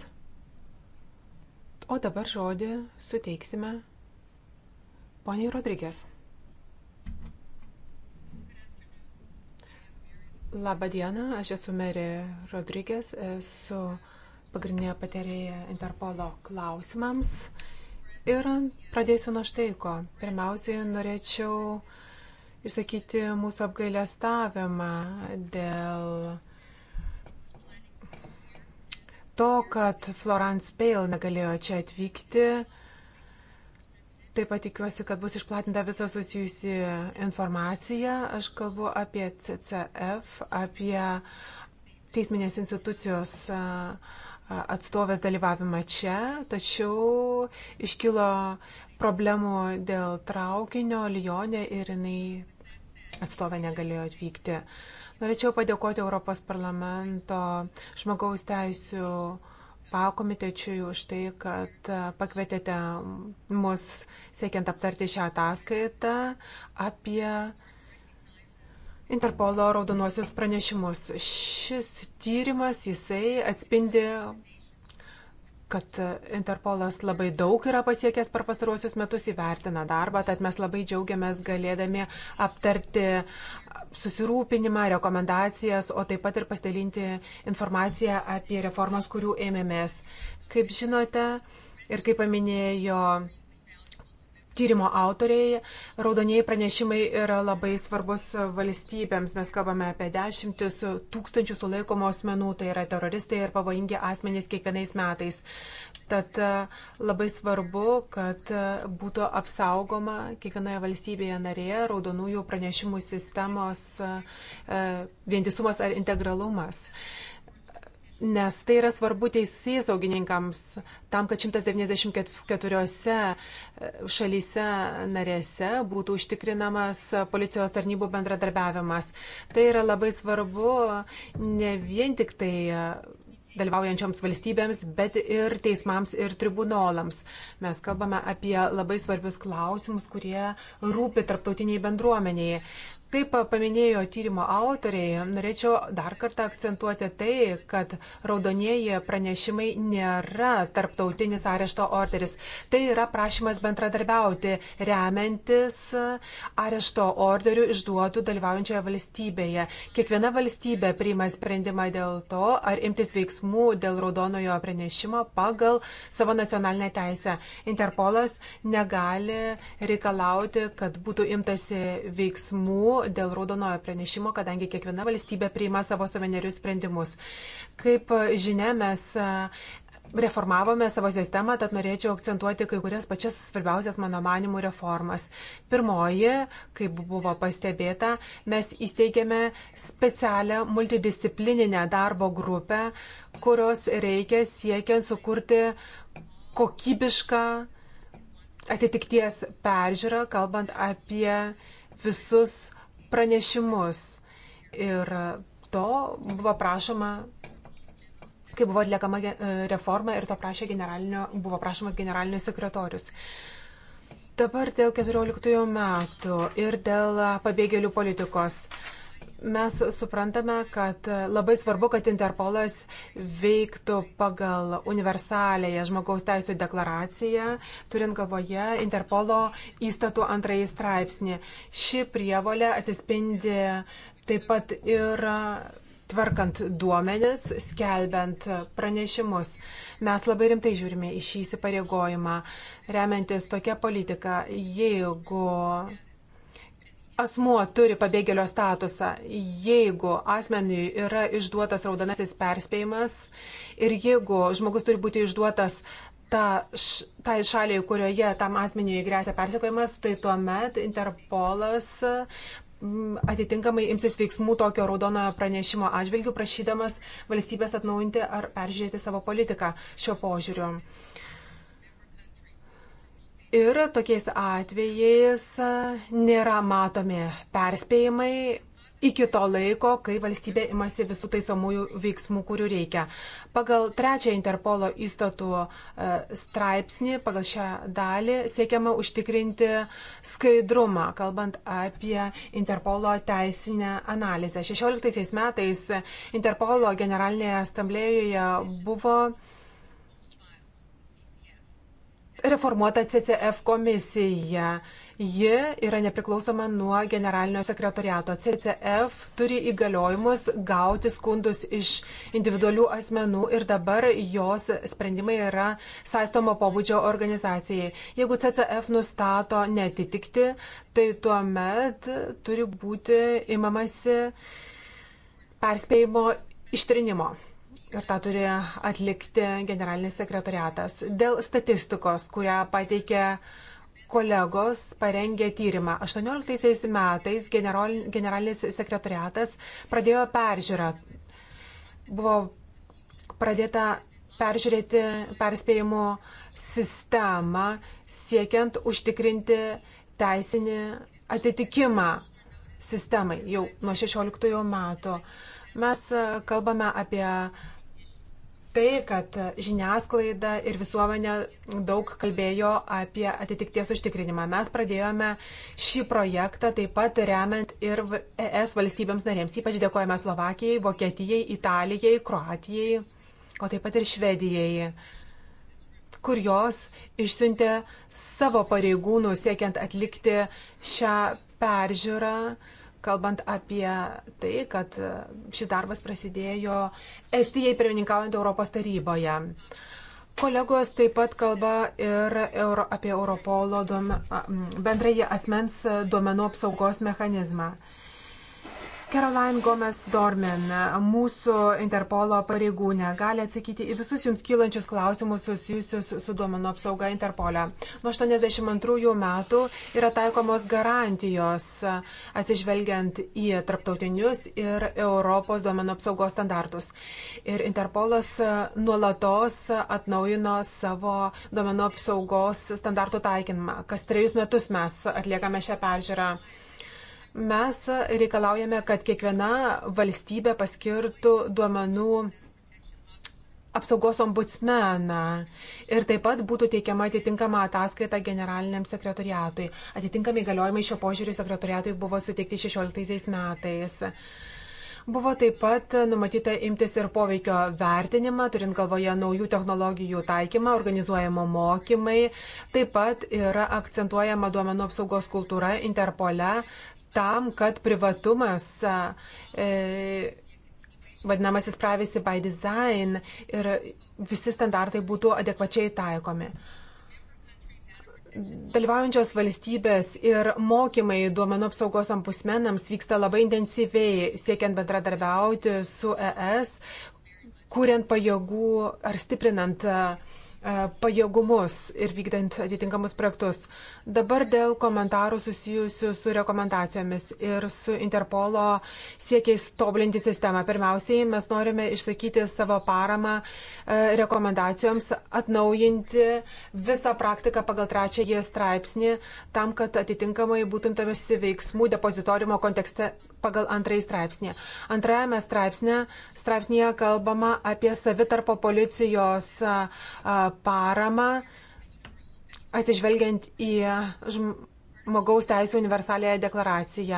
O dabar žodį suteiksime poniai Rodrygės. Labą dieną, aš esu Merė Rodrygės, esu pagrindinė patarėja Interpolo klausimams. Ir pradėsiu nuo štai ko. Pirmiausiai norėčiau išsakyti mūsų apgailestavimą dėl to, kad Florence Pale negalėjo čia atvykti Taip pat tikiuosi, kad bus išplatinta visa susijusi informacija. Aš kalbu apie CCF, apie teisminės institucijos atstovės dalyvavimą čia, tačiau iškilo problemų dėl traukinio Lyonė ir jinai atstovė negalėjo atvykti. Norėčiau padėkoti Europos parlamento žmogaus teisų pakomitečiui už tai, kad e, pakvietėte mus siekiant aptarti šią ataskaitą apie Interpolo raudonuosius pranešimus. Šis tyrimas, jisai atspindi kad Interpolas labai daug yra pasiekęs per pastaruosius metus įvertina darbą, tad mes labai džiaugiamės galėdami aptarti susirūpinimą, rekomendacijas, o taip pat ir pasidalinti informaciją apie reformas, kurių ėmėmės. Kaip žinote ir kaip paminėjo tyrimo autoriai, raudonieji pranešimai yra labai svarbus valstybėms. Mes kalbame apie dešimtis tūkstančių sulaikomų asmenų, tai yra teroristai ir pavojingi asmenys kiekvienais metais. Tad e, labai svarbu, kad e, būtų apsaugoma kiekvienoje valstybėje narėje raudonųjų pranešimų sistemos e, vientisumas ar integralumas nes tai yra svarbu teisėsaugininkams, tam, kad 194 e, šalyse narėse būtų užtikrinamas policijos tarnybų bendradarbiavimas. Tai yra labai svarbu ne vien tik tai e, dalyvaujančioms valstybėms, bet ir teismams ir tribunolams. Mes kalbame apie labai svarbius klausimus, kurie rūpi tarptautiniai bendruomeniai. Kaip paminėjo tyrimo autoriai, norėčiau dar kartą akcentuoti tai, kad raudonieji pranešimai nėra tarptautinis arešto orderis. Tai yra prašymas bendradarbiauti, remiantis arešto orderių išduotų dalyvaujančioje valstybėje. Kiekviena valstybė priima sprendimą dėl to, ar imtis veiksmų dėl raudonojo pranešimo pagal savo nacionalinę teisę. Interpolas negali reikalauti, kad būtų imtasi veiksmų dėl raudonojo pranešimo, kadangi kiekviena valstybė priima savo suverenius sprendimus. Kaip e, žinia, mes e, reformavome savo sistemą, tad norėčiau akcentuoti kai kurias pačias svarbiausias mano manimų reformas. Pirmoji, kaip buvo pastebėta, mes įsteigėme specialią multidisciplininę darbo grupę, kurios reikia siekiant sukurti kokybišką atitikties peržiūrą, kalbant apie visus pranešimus. Ir to buvo prašoma, kai buvo atliekama e, reforma ir to prašė generalinio, buvo prašomas generalinio sekretorius. Dabar dėl 14 metų ir dėl pabėgėlių politikos. Uh, Mes suprantame, kad labai svarbu, kad Interpolas veiktų pagal universalėje žmogaus teisų deklaraciją, turint galvoje Interpolo įstatų antrąjį straipsnį. Ši prievolė atsispindi taip pat ir tvarkant duomenis, skelbiant pranešimus. Mes labai rimtai žiūrime į šį įsipareigojimą, remiantis tokią politiką, jeigu asmuo turi pabėgėlio statusą, jeigu asmeniui yra išduotas raudonasis perspėjimas ir jeigu žmogus turi būti išduotas ta, š, tai šaliai, kurioje tam asmeniui grėsia persikojimas, tai tuomet Interpolas mm, atitinkamai imsis veiksmų tokio raudonojo pranešimo atžvilgių, prašydamas valstybės atnaujinti ar peržiūrėti savo politiką šio požiūriu. Ir tokiais atvejais nėra matomi perspėjimai iki to laiko, kai valstybė imasi visų taisomųjų veiksmų, kurių reikia. Pagal trečią Interpolo įstatų straipsnį, pagal šią dalį, siekiama užtikrinti skaidrumą, kalbant apie Interpolo teisinę analizę. 16 metais Interpolo generalinėje asamblėjoje buvo reformuota CCF komisija. Ji yra nepriklausoma nuo generalinio sekretoriato. CCF turi įgaliojimus gauti skundus iš individualių asmenų ir dabar jos sprendimai yra saistomo pobūdžio organizacijai. Jeigu CCF nustato netitikti, tai tuomet turi būti imamasi perspėjimo ištrinimo. Ir tą turi atlikti generalinis sekretariatas. Dėl statistikos, kurią pateikė kolegos, parengė tyrimą. 18 metais generalinis sekretariatas pradėjo peržiūrą. Buvo pradėta peržiūrėti perspėjimo sistemą, siekiant užtikrinti teisinį atitikimą sistemai jau nuo 16 metų. Mes kalbame apie tai, kad žiniasklaida ir visuomenė daug kalbėjo apie atitikties užtikrinimą. Mes pradėjome šį projektą taip pat remiant ir ES valstybėms narėms. Ypač dėkojame Slovakijai, Vokietijai, Italijai, Kroatijai, o taip pat ir Švedijai kur jos išsiuntė savo pareigūnų siekiant atlikti šią peržiūrą kalbant apie tai, kad e, šis darbas prasidėjo Estijai pirmininkaujant Europos taryboje. Kolegos taip pat kalba ir Euro, apie Europolo duom, bendrąjį asmens e, duomenų apsaugos mechanizmą. Caroline Gomez Dormen, mūsų Interpolo pareigūnė, gali atsakyti į visus jums kylančius klausimus susijusius su duomenų apsauga Interpolė. Nuo 82 metų yra taikomos garantijos atsižvelgiant į tarptautinius ir Europos duomenų apsaugos standartus. Ir Interpolas nuolatos atnaujino savo duomenų apsaugos standartų taikinimą. Kas trejus metus mes atliekame šią peržiūrą. Mes reikalaujame, kad kiekviena valstybė paskirtų duomenų apsaugos ombudsmeną ir taip pat būtų teikiama atitinkama ataskaita generaliniam sekretoriatui. Atitinkami įgaliojimai šio požiūriu sekretoriatui buvo suteikti 16 metais. Buvo taip pat numatyta imtis ir poveikio vertinimą, turint galvoje naujų technologijų taikymą, organizuojamo mokymai. Taip pat yra akcentuojama duomenų apsaugos kultūra Interpole, tam, kad privatumas, e, vadinamasis privacy by design ir visi standartai būtų adekvačiai taikomi dalyvaujančios valstybės ir mokymai duomenų apsaugos ampusmenams vyksta labai intensyviai, siekiant bendradarbiauti su ES, kuriant pajėgų ar stiprinant pajėgumus ir vykdant atitinkamus projektus. Dabar dėl komentarų susijusių su rekomendacijomis ir su Interpolo siekiais tobulinti sistemą. Pirmiausiai, mes norime išsakyti savo paramą e, rekomendacijoms atnaujinti visą praktiką pagal trečiąjį straipsnį, tam, kad atitinkamai būtumtamėsi veiksmų depozitorimo kontekste pagal antrąjį straipsnį. Antrajame straipsnė, straipsnėje kalbama apie savitarpo policijos e, paramą atsižvelgiant į žmogaus teisų universalėje deklaraciją.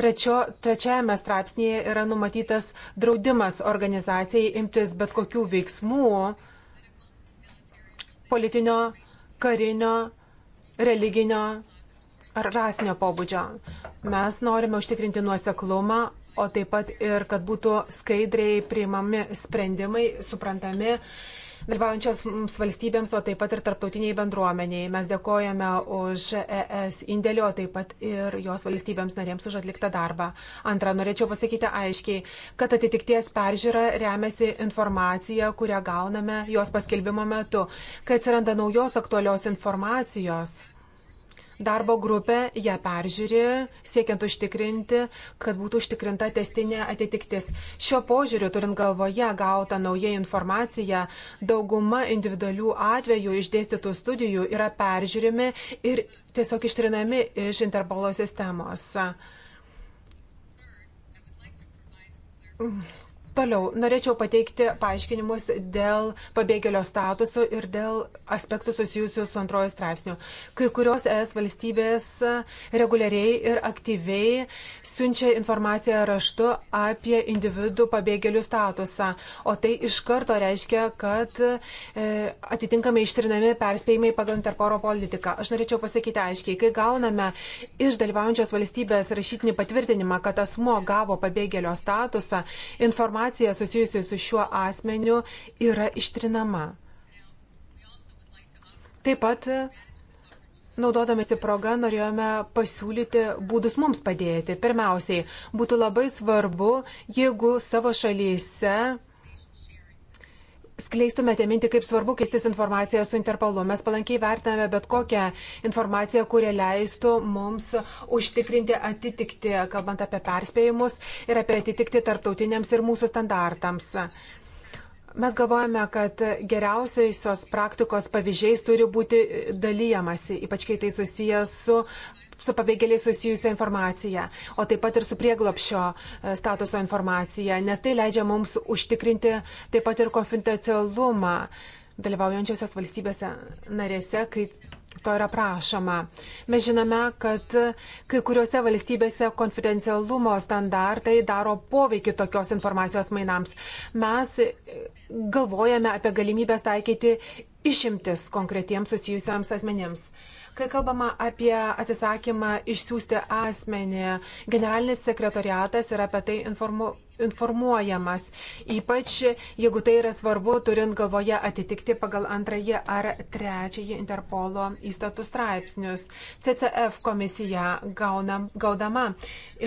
Trečio, trečiajame straipsnėje yra numatytas draudimas organizacijai imtis bet kokių veiksmų politinio, karinio, religinio ar rasinio pobūdžio. Mes norime užtikrinti nuoseklumą, o taip pat ir, kad būtų skaidriai priimami sprendimai, suprantami dalyvaujančioms valstybėms, o taip pat ir tarptautiniai bendruomeniai. Mes dėkojame už ES indėlį, o taip pat ir jos valstybėms narėms už atliktą darbą. Antra, norėčiau pasakyti aiškiai, kad atitikties peržiūra remiasi informacija, kurią gauname jos paskelbimo metu, kai atsiranda naujos aktualios informacijos Darbo grupė ją peržiūri, siekiant užtikrinti, kad būtų užtikrinta testinė atitiktis. Šio požiūriu, turint galvoje gautą naują informaciją, dauguma individualių atvejų išdėstytų studijų yra peržiūrimi ir tiesiog ištrinami iš Interpolo sistemos. Toliau norėčiau pateikti paaiškinimus dėl pabėgėlio statuso ir dėl aspektų susijusių su antrojo straipsniu. Kai kurios ES valstybės reguliariai ir aktyviai siunčia informaciją raštu apie individų pabėgėlių statusą, o tai iš karto reiškia, kad e, atitinkamai ištrinami perspėjimai pagal Interporo politiką. Aš norėčiau pasakyti aiškiai, kai gauname iš dalyvaujančios valstybės rašytinį patvirtinimą, kad asmo gavo pabėgėlio statusą, informacija informacija susijusi su šiuo asmeniu yra ištrinama. Taip pat, naudodamėsi progą, norėjome pasiūlyti būdus mums padėti. Pirmiausiai, būtų labai svarbu, jeigu savo šalyse skleistumėte mintį, kaip svarbu keistis informaciją su Interpolu. Mes palankiai vertiname bet kokią informaciją, kurie leistų mums užtikrinti atitikti, kalbant apie perspėjimus ir apie atitikti tarptautiniams ir mūsų standartams. Mes galvojame, kad geriausiosios praktikos pavyzdžiais turi būti dalyjamasi, ypač kai tai susijęs su su pabėgėliais susijusią informaciją, o taip pat ir su prieglopšio e, statuso informacija, nes tai leidžia mums užtikrinti taip pat ir konfidencialumą dalyvaujančiosios valstybėse narėse, kai to yra prašoma. Mes žinome, kad kai kuriuose valstybėse konfidencialumo standartai daro poveikį tokios informacijos mainams. Mes e, galvojame apie galimybę taikyti išimtis konkretiems susijusiams asmenėms. Kai kalbama apie atsisakymą išsiųsti asmenį, generalinis sekretoriatas yra apie tai informu, informuojamas, ypač jeigu tai yra svarbu, turint galvoje atitikti pagal antrąjį ar trečiąjį Interpolo įstatų straipsnius. CCF komisija gauna, gaudama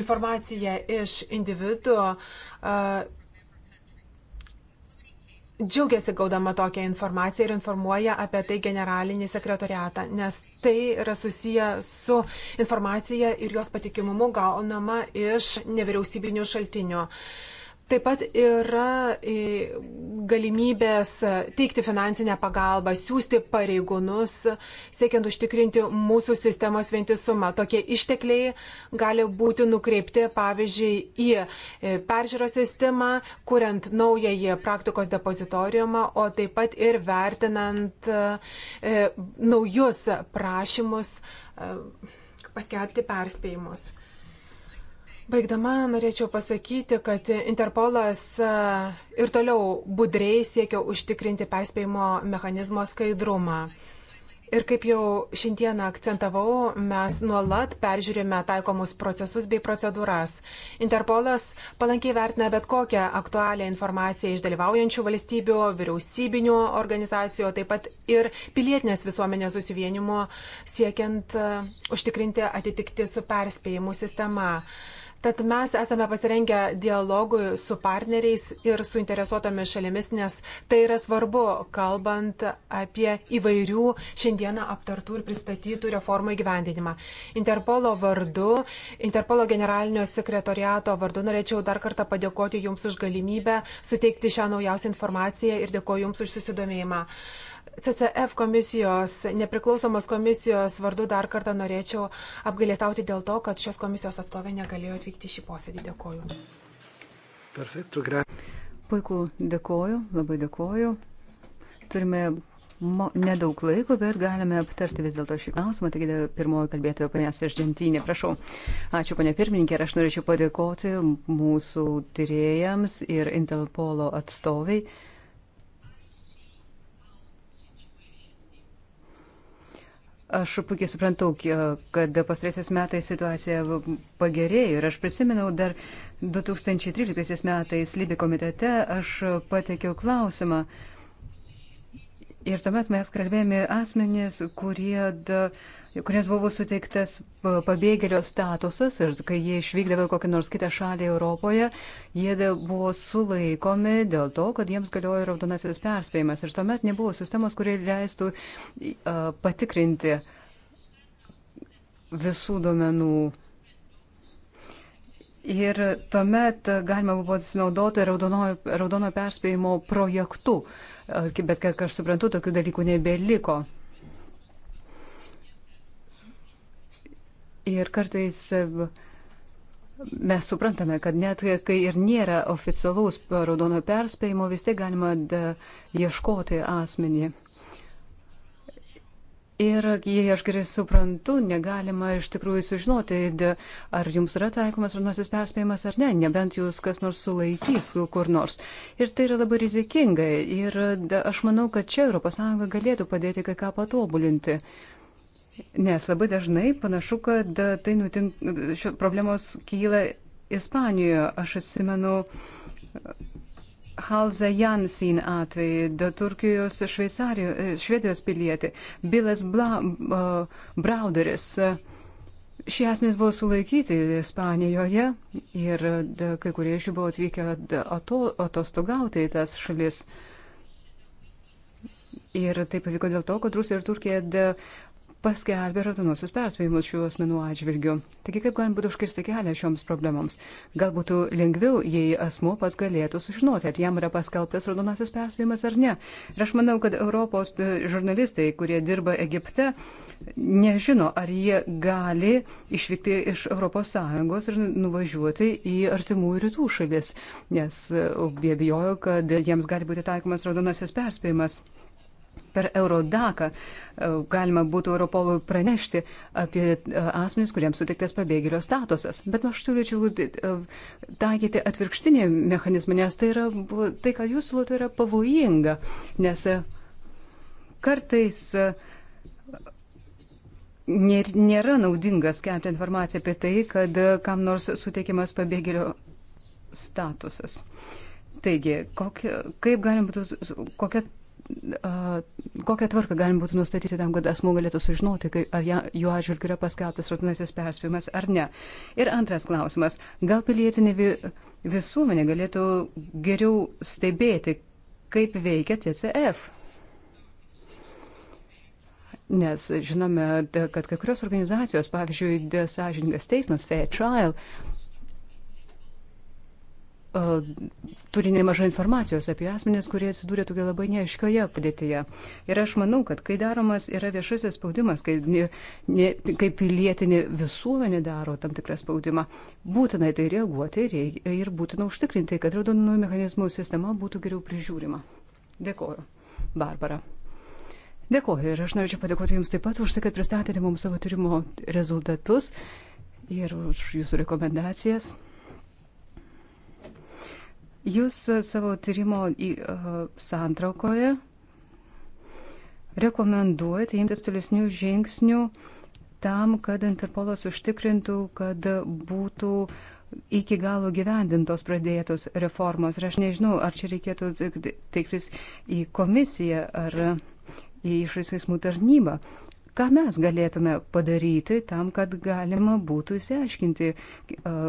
informaciją iš individuo. Uh, džiaugiasi gaudama tokią informaciją ir informuoja apie tai generalinį sekretoriatą, nes tai yra susiję su informacija ir jos patikimumu gaunama iš nevyriausybinių šaltinių. Uh, Taip pat yra e, galimybės teikti finansinę pagalbą, siūsti pareigūnus, siekiant užtikrinti mūsų sistemos vientisumą. Tokie ištekliai gali būti nukreipti, pavyzdžiui, į e, peržiūros sistemą, kuriant naująjį praktikos depozitoriumą, o taip pat ir vertinant e, naujus prašymus paskelbti perspėjimus. Baigdama norėčiau pasakyti, kad Interpolas e, ir toliau budriai siekia užtikrinti perspėjimo mechanizmo skaidrumą. Ir kaip jau šiandieną akcentavau, mes nuolat peržiūrime taikomus procesus bei procedūras. Interpolas palankiai vertina bet kokią aktualią informaciją iš dalyvaujančių valstybių, vyriausybinių organizacijų, taip pat ir pilietinės visuomenės susivienimo siekiant uh, užtikrinti atitikti su perspėjimų sistema. Uh, Tad mes esame pasirengę dialogui su partneriais ir suinteresuotomis šalimis, nes tai yra svarbu, kalbant apie įvairių šiandieną aptartų ir pristatytų reformų įgyvendinimą. Interpolo vardu, Interpolo generalinio sekretoriato vardu norėčiau dar kartą padėkoti Jums už galimybę suteikti šią naujausią informaciją ir dėkoju Jums už susidomėjimą. CCF komisijos, nepriklausomos komisijos vardu dar kartą norėčiau apgailėstauti dėl to, kad šios komisijos atstovė negalėjo atvykti šį posėdį. Dėkoju. Perfektų, gra. Puiku, dėkoju, labai dėkoju. Turime nedaug laiko, bet galime aptarti vis dėlto šį klausimą. Taigi pirmoji kalbėtoja panės iš Džentinė, prašau. Ačiū, panė pirmininkė, ir aš norėčiau padėkoti mūsų tyrėjams ir Interpolo atstoviai. Aš puikiai suprantu, kad pastarėsiais metais situacija pagerėjo ir aš prisimenu dar 2013 metais Lybi komitete aš pateikiau klausimą. Ir tuomet mes kalbėjome asmenys, kurie da, uh, kuriems buvo suteiktas e, pabėgėlio statusas ir kai jie išvykdavo kokią nors kitą šalį Europoje, jie buvo sulaikomi dėl to, kad jiems galiojo raudonasis perspėjimas. Ir tuomet nebuvo sistemos, kurie leistų e, patikrinti visų duomenų Ir tuomet galima buvo pasinaudoti raudono perspėjimo projektu, e, bet kiek aš suprantu, tokių dalykų nebeliko. Ir kartais e, mes suprantame, kad net kai ir nėra oficialaus raudono perspėjimo, vis tiek galima ieškoti asmenį. Ir jei aš gerai suprantu, negalima iš tikrųjų sužinoti, ar jums yra taikomas raudonasis perspėjimas ar ne, nebent jūs kas nors sulaikys kur nors. Ir tai yra labai rizikinga. Ir aš manau, kad čia ES galėtų padėti kai ką patobulinti. Uh, Nes labai dažnai panašu, kad tai nutink, šio problemos kyla Ispanijoje. Aš atsimenu Halza Jansin atvejį, Turkijos Švedijos pilietį, Bilas Bla, uh, Brauderis. Šie asmenys buvo sulaikyti Ispanijoje ir da, kai kurie iš jų buvo atvykę ato, atostogauti į tas šalis. Ir tai pavyko dėl to, kad Rusija ir Turkija da, paskelbė raudonosius perspėjimus šių asmenų atžvilgių. Taigi, kaip galima būtų užkirsti kelią šioms problemoms? Gal būtų lengviau, jei asmo pas galėtų sužinoti, ar jam yra paskelbtas raudonasis perspėjimas ar ne. Ir aš manau, kad Europos e, žurnalistai, kurie dirba Egipte, nežino, ar jie gali išvykti iš ES ir nuvažiuoti į artimų rytų šalis, nes jie bijojo, kad jiems gali būti taikomas raudonasis perspėjimas per Eurodaką e, galima būtų Europolui pranešti apie e, asmenys, kuriems sutiktas pabėgėlio statusas. Bet nu, aš siūlyčiau e, taikyti atvirkštinį mechanizmą, nes tai, yra, tai ką jūs siūlote, yra pavojinga, nes kartais nėra naudinga skelbti informaciją apie tai, kad kam nors suteikiamas pabėgėlio statusas. Taigi, kokia, kaip galima būtų, kokia kokią tvarką galim būtų nustatyti tam, kad asmo galėtų sužinoti, kai, ar ja, jo atžvilgiu yra paskelbtas raudonasis perspėjimas ar ne. Ir antras klausimas. Gal pilietinė vi, visuomenė galėtų geriau stebėti, kaip veikia TCF? Nes žinome, kad kai kurios organizacijos, pavyzdžiui, Sąžininkas teismas, Fair Trial, turi nemažai informacijos apie asmenės, kurie atsidūrė tokioje labai neaiškioje padėtyje. Ir aš manau, kad kai daromas yra viešasis spaudimas, kai, ne, ne, kai pilietinė visuomenė daro tam tikrą spaudimą, būtinai tai reaguoti reikia, ir būtina užtikrinti, kad raudonųjų mechanizmų sistema būtų geriau prižiūrima. Dėkoju. Barbara. Dėkoju ir aš norėčiau padėkoti Jums taip pat už tai, kad pristatėte mums savo tyrimo rezultatus ir už Jūsų rekomendacijas. Jūs e, savo tyrimo į, uh, santraukoje rekomenduojate imtis tolesnių žingsnių tam, kad Interpolas užtikrintų, kad būtų iki galo gyvendintos pradėtos reformos. Ir aš nežinau, ar čia reikėtų teiktis į komisiją ar į išraisvaismų tarnybą. Ką mes galėtume padaryti tam, kad galima būtų įsiaiškinti, e,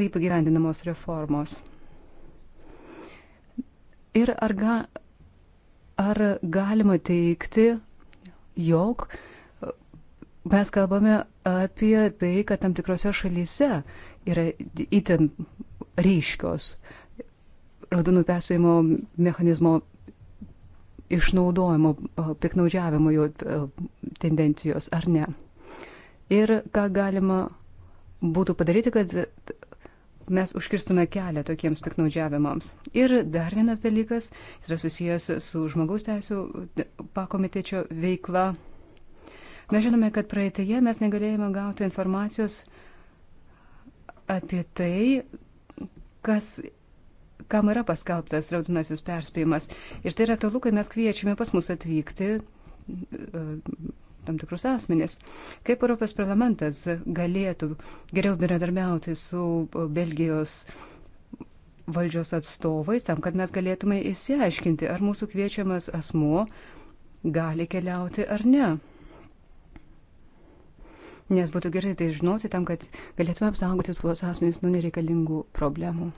kaip gyvendinamos reformos? Ir ar, ga, ar galima teikti, jog mes kalbame apie tai, kad tam tikrose šalyse yra itin ryškios raudonų perspėjimo mechanizmo išnaudojimo, piknaudžiavimo jo e, tendencijos ar ne. Ir ką galima būtų padaryti, kad mes užkirstume kelią tokiems piknaudžiavimams. Ir dar vienas dalykas, jis yra susijęs su žmogaus teisų pakomitečio veikla. Mes žinome, kad praeitėje mes negalėjome gauti informacijos apie tai, kas kam yra paskelbtas raudonasis perspėjimas. Ir tai yra tolu, kai mes kviečiame pas mus atvykti tam tikrus asmenis. Kaip Europos parlamentas galėtų geriau bendradarbiauti su Belgijos valdžios atstovais, tam, kad mes galėtume įsiaiškinti, ar mūsų kviečiamas asmuo gali keliauti ar ne. Nes būtų gerai tai žinoti tam, kad galėtume apsaugoti tuos asmenys nuo nereikalingų problemų.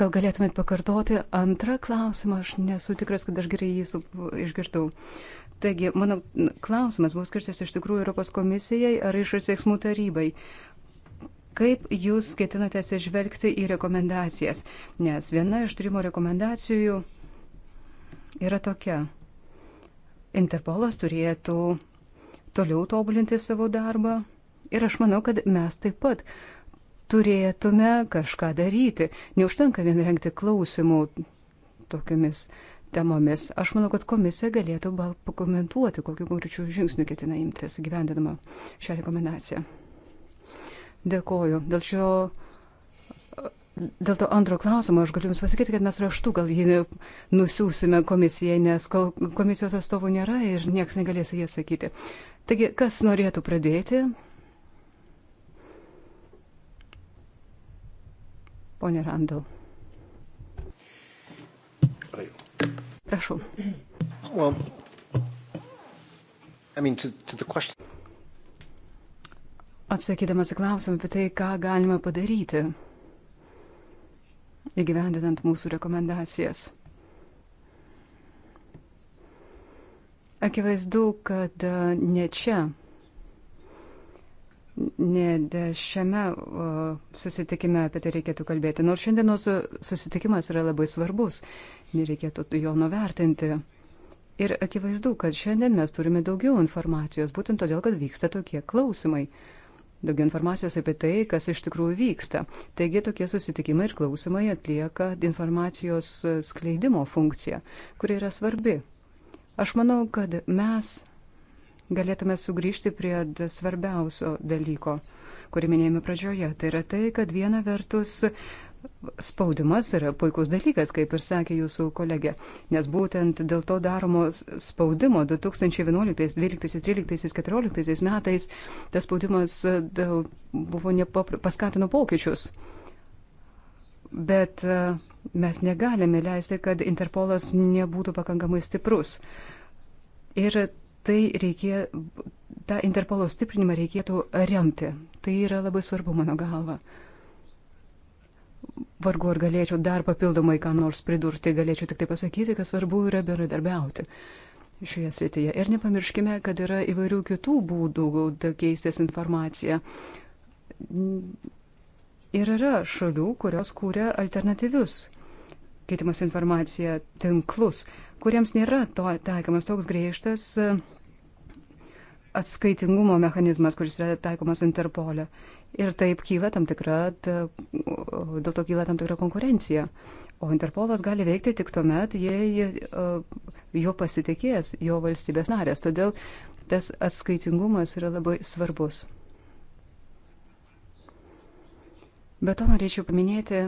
Gal galėtumėt pakartoti antrą klausimą, aš nesu tikras, kad aš gerai jį su... išgirdau. Taigi, mano klausimas buvo skirtas iš tikrųjų Europos komisijai ar išorės veiksmų tarybai. Kaip jūs ketinate atsižvelgti į rekomendacijas? Nes viena iš tyrimo rekomendacijų yra tokia. Interpolas turėtų toliau tobulinti savo darbą. Ir aš manau, kad mes taip pat turėtume kažką daryti. Neužtenka vien rengti klausimų tokiamis temomis. Aš manau, kad komisija galėtų gal pakomentuoti, kokiu konkrečiu žingsniu ketina imtis gyvendinama šią rekomendaciją. Dėkoju. Dėl šio. Dėl to antro klausimo aš galiu Jums pasakyti, kad mes raštu gal jį nusiūsime komisijai, nes komisijos atstovų nėra ir niekas negalės jį atsakyti. Taigi, kas norėtų pradėti? ponė Randal. Prašau. Well, I mean, to, to question... Atsakydamas į klausimą apie tai, ką galime padaryti, įgyvendinant mūsų rekomendacijas. Akivaizdu, kad e, ne čia Net šiame susitikime apie tai reikėtų kalbėti. Nors šiandienos susitikimas yra labai svarbus, nereikėtų jo nuvertinti. Ir akivaizdu, kad šiandien mes turime daugiau informacijos, būtent todėl, kad vyksta tokie klausimai. Daugiau informacijos apie tai, kas iš tikrųjų vyksta. Taigi tokie susitikimai ir klausimai atlieka informacijos skleidimo funkciją, kuri yra svarbi. Aš manau, kad mes galėtume sugrįžti prie svarbiausio dalyko, kurį minėjome pradžioje. Tai yra tai, kad viena vertus spaudimas yra puikus dalykas, kaip ir sakė jūsų kolegė, nes būtent dėl to daromo spaudimo 2011, 2012, 2013, 2014 metais tas spaudimas e, buvo nepapra... paskatino pokyčius. Bet e, mes negalime leisti, kad Interpolas nebūtų pakankamai stiprus. Ir tai reikia, tą Interpolo stiprinimą reikėtų remti. Tai yra labai svarbu mano galva. Vargu ar galėčiau dar papildomai ką nors pridurti, galėčiau tik tai pasakyti, kad svarbu yra bendradarbiauti šioje srityje. Ir nepamirškime, kad yra įvairių kitų būdų keistis informaciją. Ir yra šalių, kurios kūrė alternatyvius keitimas informacija tinklus kuriems nėra to taikomas toks griežtas e, atskaitingumo mechanizmas, kuris yra taikomas Interpolė. Ir taip kyla tam tikra, dėl to kyla tam tikra konkurencija. O Interpolas gali veikti tik tuomet, jei e, jo pasitikės jo valstybės narės. Todėl tas atskaitingumas yra labai svarbus. Be to norėčiau paminėti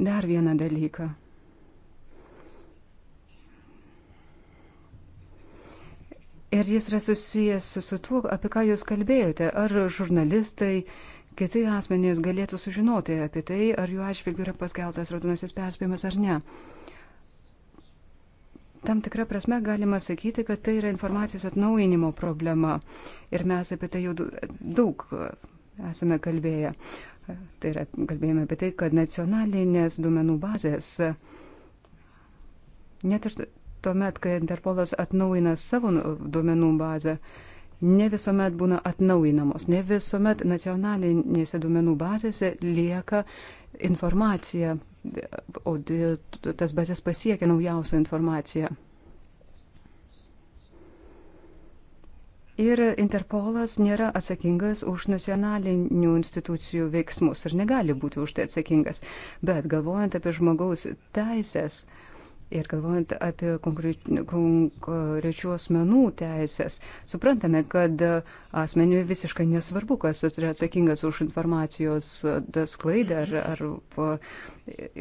dar vieną dalyką. Ir jis yra susijęs su tuo, apie ką jūs kalbėjote. Ar žurnalistai, kiti asmenys galėtų sužinoti apie tai, ar jų atžvilgių yra paskeltas raudonasis perspėjimas ar ne. Tam tikrą prasme galima sakyti, kad tai yra informacijos atnaujinimo problema. Ir mes apie tai jau daug esame kalbėję. Tai yra, kalbėjome apie tai, kad nacionalinės duomenų bazės, net ir tuomet, kai Interpolas atnaujina savo nu, duomenų bazę, ne visuomet būna atnaujinamos, ne visuomet nacionalinėse duomenų bazėse lieka informacija, o tas bazės pasiekia naujausią informaciją. Ir Interpolas nėra atsakingas už nacionalinių institucijų veiksmus ir negali būti už tai atsakingas. Bet galvojant apie žmogaus teisės ir galvojant apie konkrečių asmenų teisės, suprantame, kad asmeniui visiškai nesvarbu, kas yra atsakingas už informacijos sklaidą ar, ar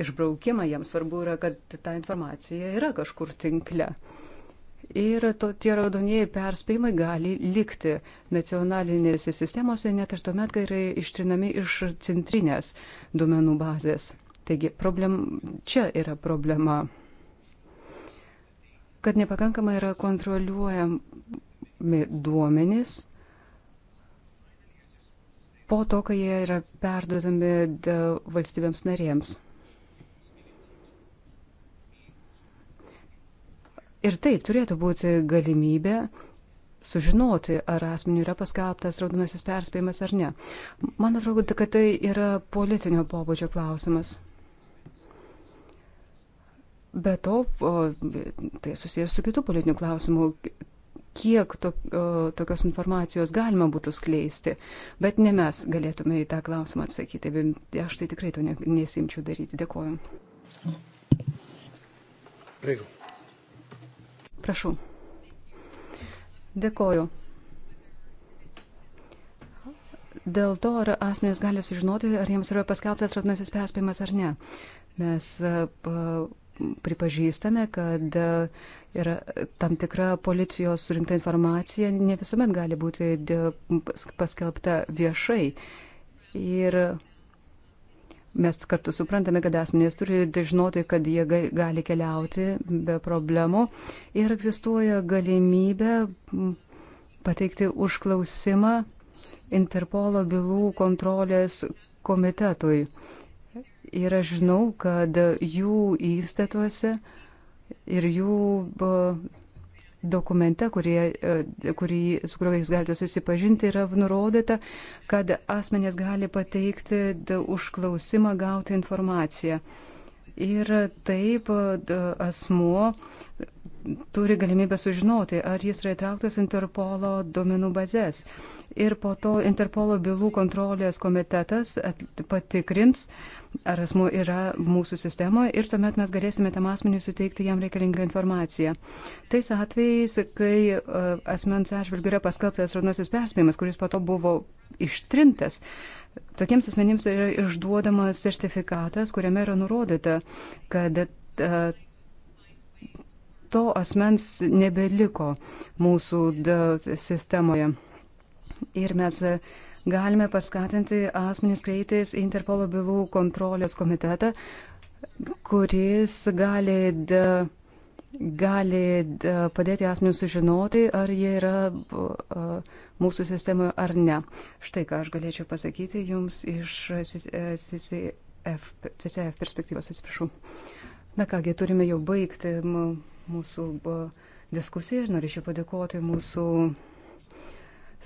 išbraukimą. Jam svarbu yra, kad ta informacija yra kažkur tinkle. Ir to, tie raudonieji perspėjimai gali likti nacionalinėse sistemose net ir tuomet, kai yra ištrinami iš centrinės duomenų bazės. Taigi problem, čia yra problema, kad nepakankamai yra kontroliuojami duomenys po to, kai jie yra perduodami valstybėms narėms. Ir taip turėtų būti galimybė sužinoti, ar asmeniu yra paskelbtas raudonasis perspėjimas ar ne. Man atrodo, kad tai yra politinio pobūdžio klausimas. Be to, o, tai susijęs su kitų politinių klausimų, kiek to, o, tokios informacijos galima būtų skleisti, bet ne mes galėtume į tą klausimą atsakyti. Aš tai tikrai to nesimčiau daryti. Dėkuoju. Reikia. Prašau. Dėkoju. Dėl to, ar asmenys gali sužinoti, ar jiems yra paskelbtas raudonasis perspėjimas ar ne. Mes e, pripažįstame, kad e, yra tam tikra policijos surinkta informacija ne visuomet gali būti paskelbta viešai. Ir Mes kartu suprantame, kad asmenys turi žinoti, kad jie gali keliauti be problemų ir egzistuoja galimybė pateikti užklausimą Interpolo bylų kontrolės komitetui. Ir aš žinau, kad jų įstatuose ir jų dokumente, kurie, e, kurį, su kuriuo jūs galite susipažinti, yra nurodyta, kad asmenės gali pateikti užklausimą gauti informaciją. Ir taip asmuo turi galimybę sužinoti, ar jis yra įtrauktas Interpolo duomenų bazės. Ir po to Interpolo bylų kontrolės komitetas patikrins, ar asmuo yra mūsų sistemoje ir tuomet mes galėsime tam asmeniu suteikti jam reikalingą informaciją. Tais atvejais, kai e, asmens atžvilgiu yra paskelbtas raudonasis perspėjimas, kuris po to buvo ištrintas, tokiems asmenims yra išduodamas sertifikatas, kuriame yra nurodyta, kad e, to asmens nebeliko mūsų sistemoje. Ir mes galime paskatinti asmenys kreiptis į Interpolo bylų kontrolės komitetą, kuris gali, da, gali da, padėti asmenys sužinoti, ar jie yra mūsų sistemoje ar ne. Štai ką aš galėčiau pasakyti jums iš CCF, CCF perspektyvos, atsiprašau. Na kągi, turime jau baigti mūsų e, diskusiją ir norėčiau padėkoti mūsų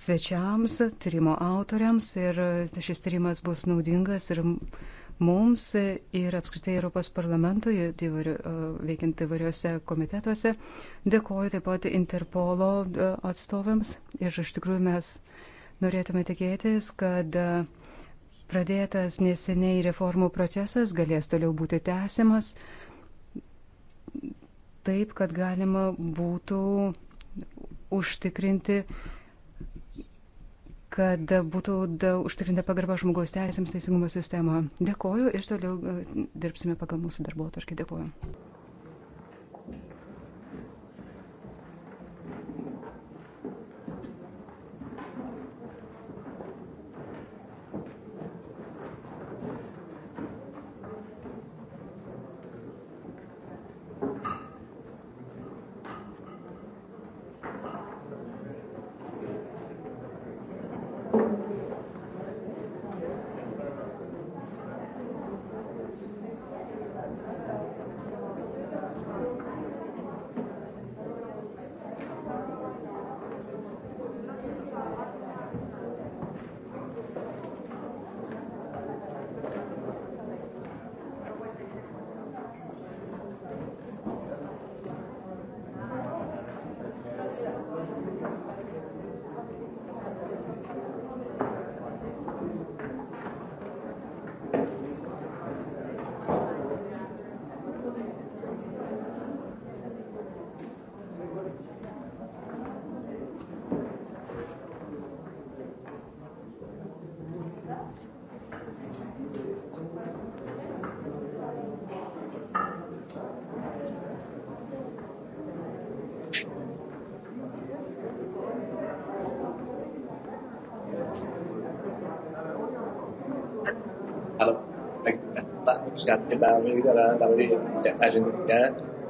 svečiams, tyrimo autoriams ir šis tyrimas bus naudingas ir mums ir apskritai Europos parlamentui, e, veikiant įvairiuose komitetuose. Dėkoju taip pat Interpolo e, atstovams ir iš tikrųjų mes norėtume tikėtis, kad pradėtas neseniai reformų procesas galės toliau būti tęsiamas taip, kad galima būtų užtikrinti, kad būtų užtikrinta pagarba žmogaus teisėms teisingumo sistemoje. Dėkoju ir toliau e, dirbsime pagal mūsų darbo atvarkį. Dėkoju. scatti la, la, la, la botella, la, la, la,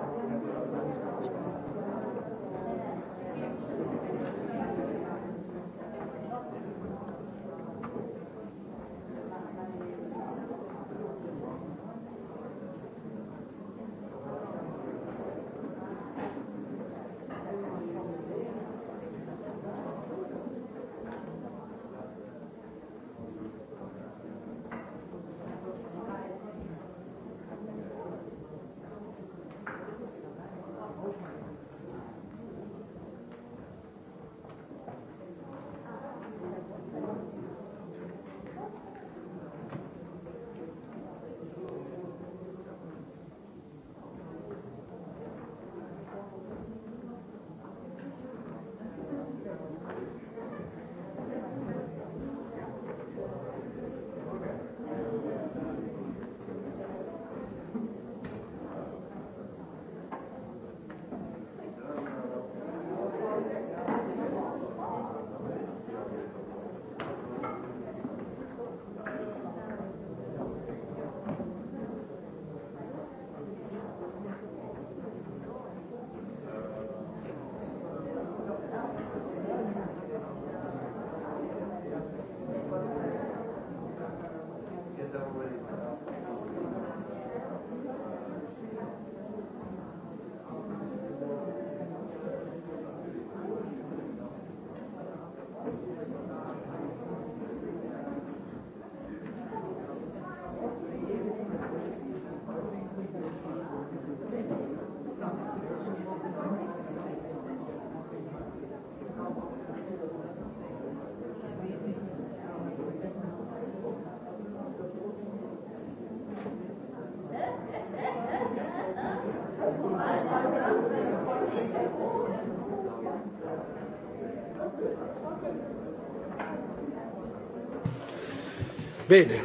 Bene.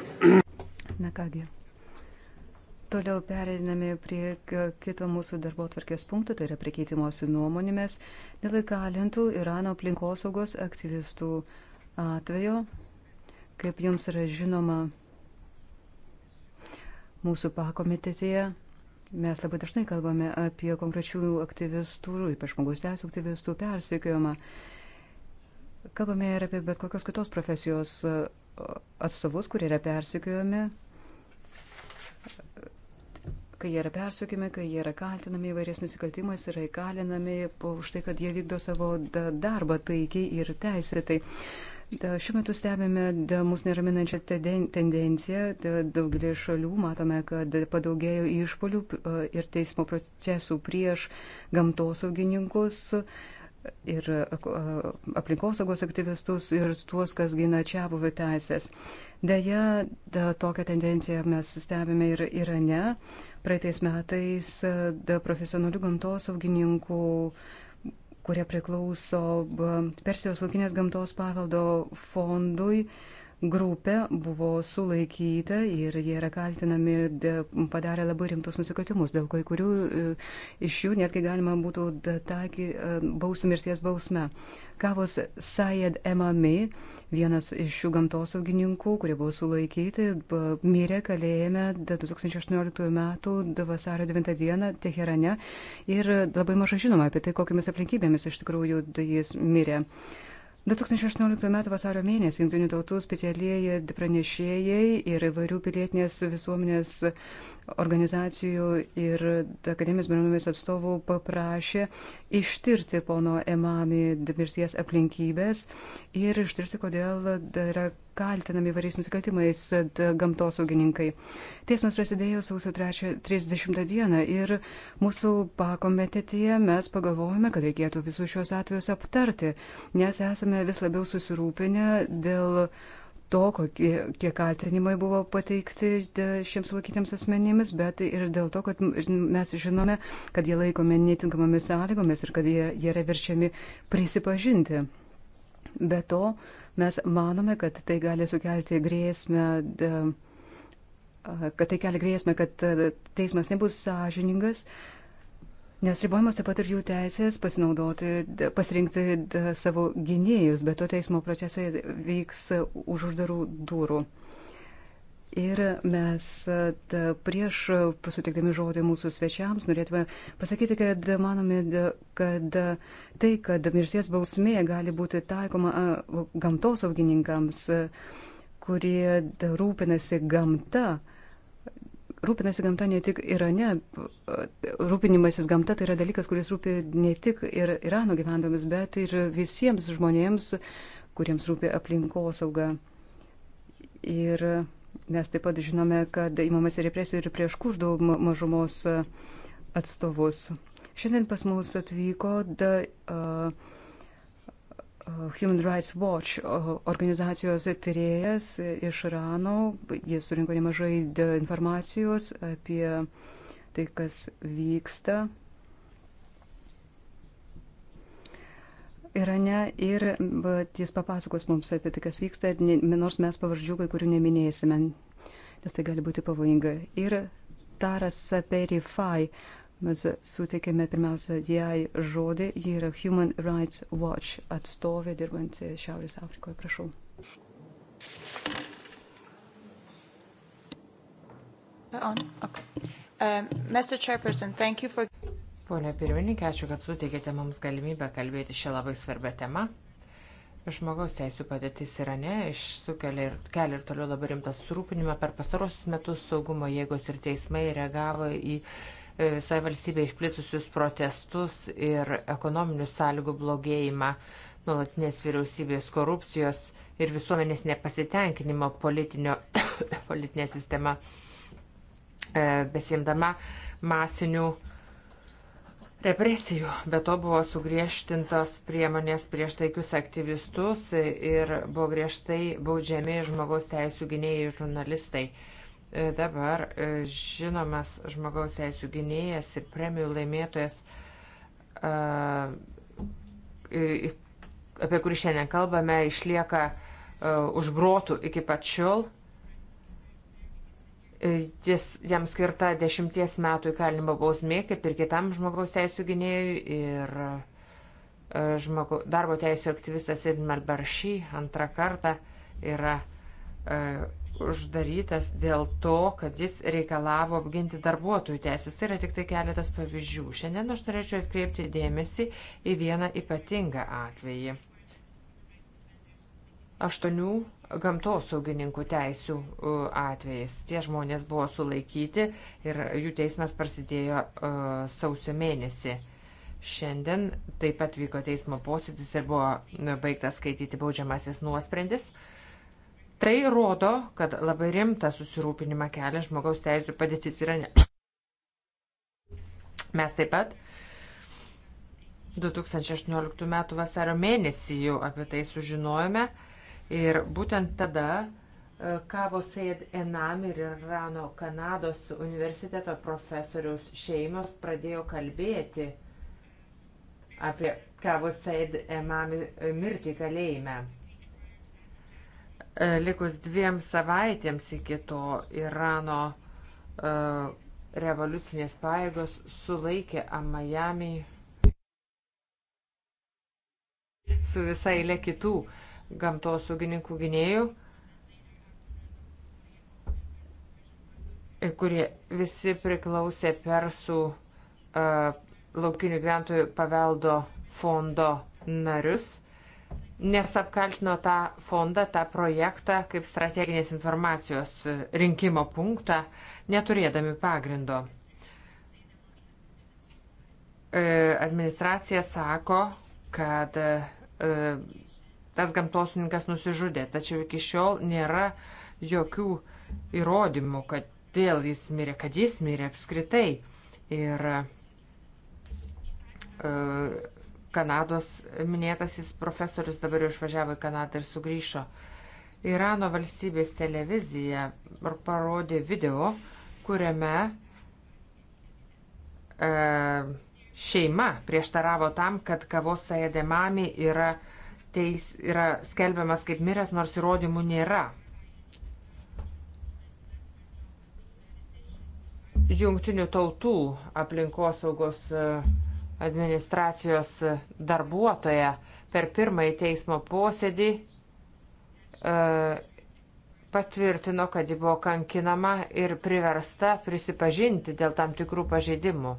Na kągi. Toliau pereiname prie kito mūsų darbo tvarkės punkto, tai yra prie keitimosi nuomonėmis dėl įkalintų Irano aplinkosaugos aktyvistų atvejo. Kaip jums yra žinoma, mūsų pakomitetėje Mes labai dažnai kalbame apie konkrečių aktyvistų, ypač žmogaus teisų aktyvistų persekiojimą. Kalbame ir apie bet kokios kitos profesijos atstovus, kurie yra persikiojami, kai jie yra persikiojami, kai jie yra kaltinami įvairiais nusikaltimais, yra įkalinami už tai, kad jie vykdo savo darbą taikiai ir teisėtai. Šiuo metu stebime mūsų neraminančią tendenciją. Daugelį šalių matome, kad padaugėjo išpolių ir teismo procesų prieš gamtosaugininkus. augininkus ir e, e, aplinkosaugos aktyvistus, ir tuos, kas gina čia buvę teisės. Deja, da, tokią tendenciją mes stebime ir Irane. Praeitais metais e, da, profesionalių gamtosaugininkų kurie priklauso Persijos laukinės gamtos paveldo fondui, uh, grupė buvo sulaikyta ir jie yra kaltinami padarę labai rimtus nusikaltimus, dėl kai kurių e, iš jų netgi galima būtų taikyti e, bausmę mirties bausmę. Kavos Sayed Emami, vienas iš šių gamtosaugininkų, kurie buvo sulaikyti, mirė kalėjime 2018 m. vasario 9 d. Teherane ir labai mažai žinoma apie tai, kokiamis aplinkybėmis iš tikrųjų jis mirė. Uh, 2018 m. vasario mėnesį Junktinių tautų specialieji pranešėjai ir įvairių pilietinės visuomenės organizacijų ir akademijos bendruomenės atstovų paprašė ištirti pono Emami mirties aplinkybės ir ištirti, kodėl yra kaltinami variais nusikaltimais gamtosaugininkai. Teismas prasidėjo sausio 30 dieną ir mūsų pakomitetyje mes pagalvojame, kad reikėtų visus šios atvejus aptarti, nes esame vis labiau susirūpinę dėl to, kokie, kiek kaltinimai buvo pateikti šiems laikytiems asmenimis, bet ir dėl to, kad mes žinome, kad jie laikomi netinkamomis sąlygomis ir kad jie, jie yra viršiami prisipažinti. Be to, Mes manome, kad tai gali sukelti grėsmę, kad tai kelia grėsmę, kad teismas nebus sąžiningas, nes ribojamas taip pat ir jų teisės pasinaudoti, pasirinkti savo gynėjus, bet to teismo procesai vyks už uždarų durų. Ir mes da, prieš pasitikdami žodį mūsų svečiams norėtume pasakyti, kad manome, kad tai, kad mirties bausmė gali būti taikoma gamtosaugininkams, kurie da, rūpinasi gamta, rūpinasi gamta ne tik Irane, rūpinimasis gamta tai yra dalykas, kuris rūpi ne tik ir Irano gyventojams, bet ir visiems žmonėms, kuriems rūpi aplinkosauga. Ir Mes taip pat žinome, kad įmamas represijų ir prieš kurdų mažumos e, atstovus. Šiandien pas mus atvyko da, uh, Human Rights Watch organizacijos tyrėjas iš Irano. Jis surinko nemažai informacijos apie tai, kas vyksta Irane ir jis papasakos mums apie tai, kas vyksta, nors mes pavardžių kai kurių neminėsime, nes tai gali būti pavojinga. Ir Taras Saperifai, mes suteikėme pirmiausia jai žodį, ji yra Human Rights Watch atstovė dirbanti Šiaurės Afrikoje, prašau. On. Okay. Um, Mr. Chairperson, thank you for Pone pirmininkė, ačiū, kad suteikėte mums galimybę kalbėti šią labai svarbę temą. Žmogaus teisų padėtis Irane išsukelia ir kelia ir toliau labai rimtą surūpinimą. Per pastarosius metus saugumo jėgos ir teismai reagavo į e, visai valstybė išplitusius protestus ir ekonominių sąlygų blogėjimą, nuolatinės vyriausybės korupcijos ir visuomenės nepasitenkinimo politinė sistema, e, besimdama masinių represijų. Be to buvo sugriežtintos priemonės prieš taikius aktyvistus ir buvo griežtai baudžiami žmogaus teisų gynėjai žurnalistai. E, dabar e, žinomas žmogaus teisų gynėjas ir premijų laimėtojas, e, apie kurį šiandien kalbame, išlieka užbrotų iki pačiol E, jis, jam skirta dešimties metų įkalinimo bausmė, kaip ir kitam žmogaus teisų gynėjui ir e, žmogu, darbo teisų aktyvistas Edmar Baršy antrą kartą yra e, uždarytas dėl to, kad jis reikalavo apginti darbuotojų teisės. Tai yra tik tai keletas pavyzdžių. Šiandien aš norėčiau atkreipti dėmesį į vieną ypatingą atvejį. Aštuonių gamtosaugininkų teisių atvejais. Tie žmonės buvo sulaikyti ir jų teismas prasidėjo sausio mėnesį. Šiandien taip pat vyko teismo posėdis ir buvo baigtas skaityti baudžiamasis nuosprendis. Tai rodo, kad labai rimta susirūpinimą kelia žmogaus teisų padėtis yra ne. Mes taip pat 2018 m. vasario mėnesį jau apie tai sužinojome. Ir būtent tada e, Kavo Seid Enam ir Irano Kanados universiteto profesoriaus šeimos pradėjo kalbėti apie Kavo Seid Enam mirtį kalėjime. E, likus dviem savaitėms iki to Irano uh, revoliucinės paėgos sulaikė Amajami su visai lė kitų uh, gamtosaugininkų gynėjų, kurie visi priklausė persų e, laukinių gyventojų paveldo fondo narius, nes apkaltino tą fondą, tą projektą kaip strateginės informacijos rinkimo punktą, neturėdami pagrindo e, administracija sako, kad e, tas gamtosuninkas nusižudė, tačiau iki šiol nėra jokių įrodymų, kad dėl jis mirė, kad jis mirė apskritai. Ir e, Kanados minėtasis profesorius dabar jau išvažiavo į Kanadą ir sugrįžo. Irano valstybės televizija parodė video, kuriame e, šeima prieštaravo tam, kad kavos sajedemami yra teis yra skelbiamas kaip miręs, nors įrodymų nėra. Jungtinių tautų aplinkosaugos e, administracijos darbuotoja per pirmąjį teismo posėdį e, patvirtino, kad ji buvo kankinama ir priversta prisipažinti dėl tam tikrų pažeidimų.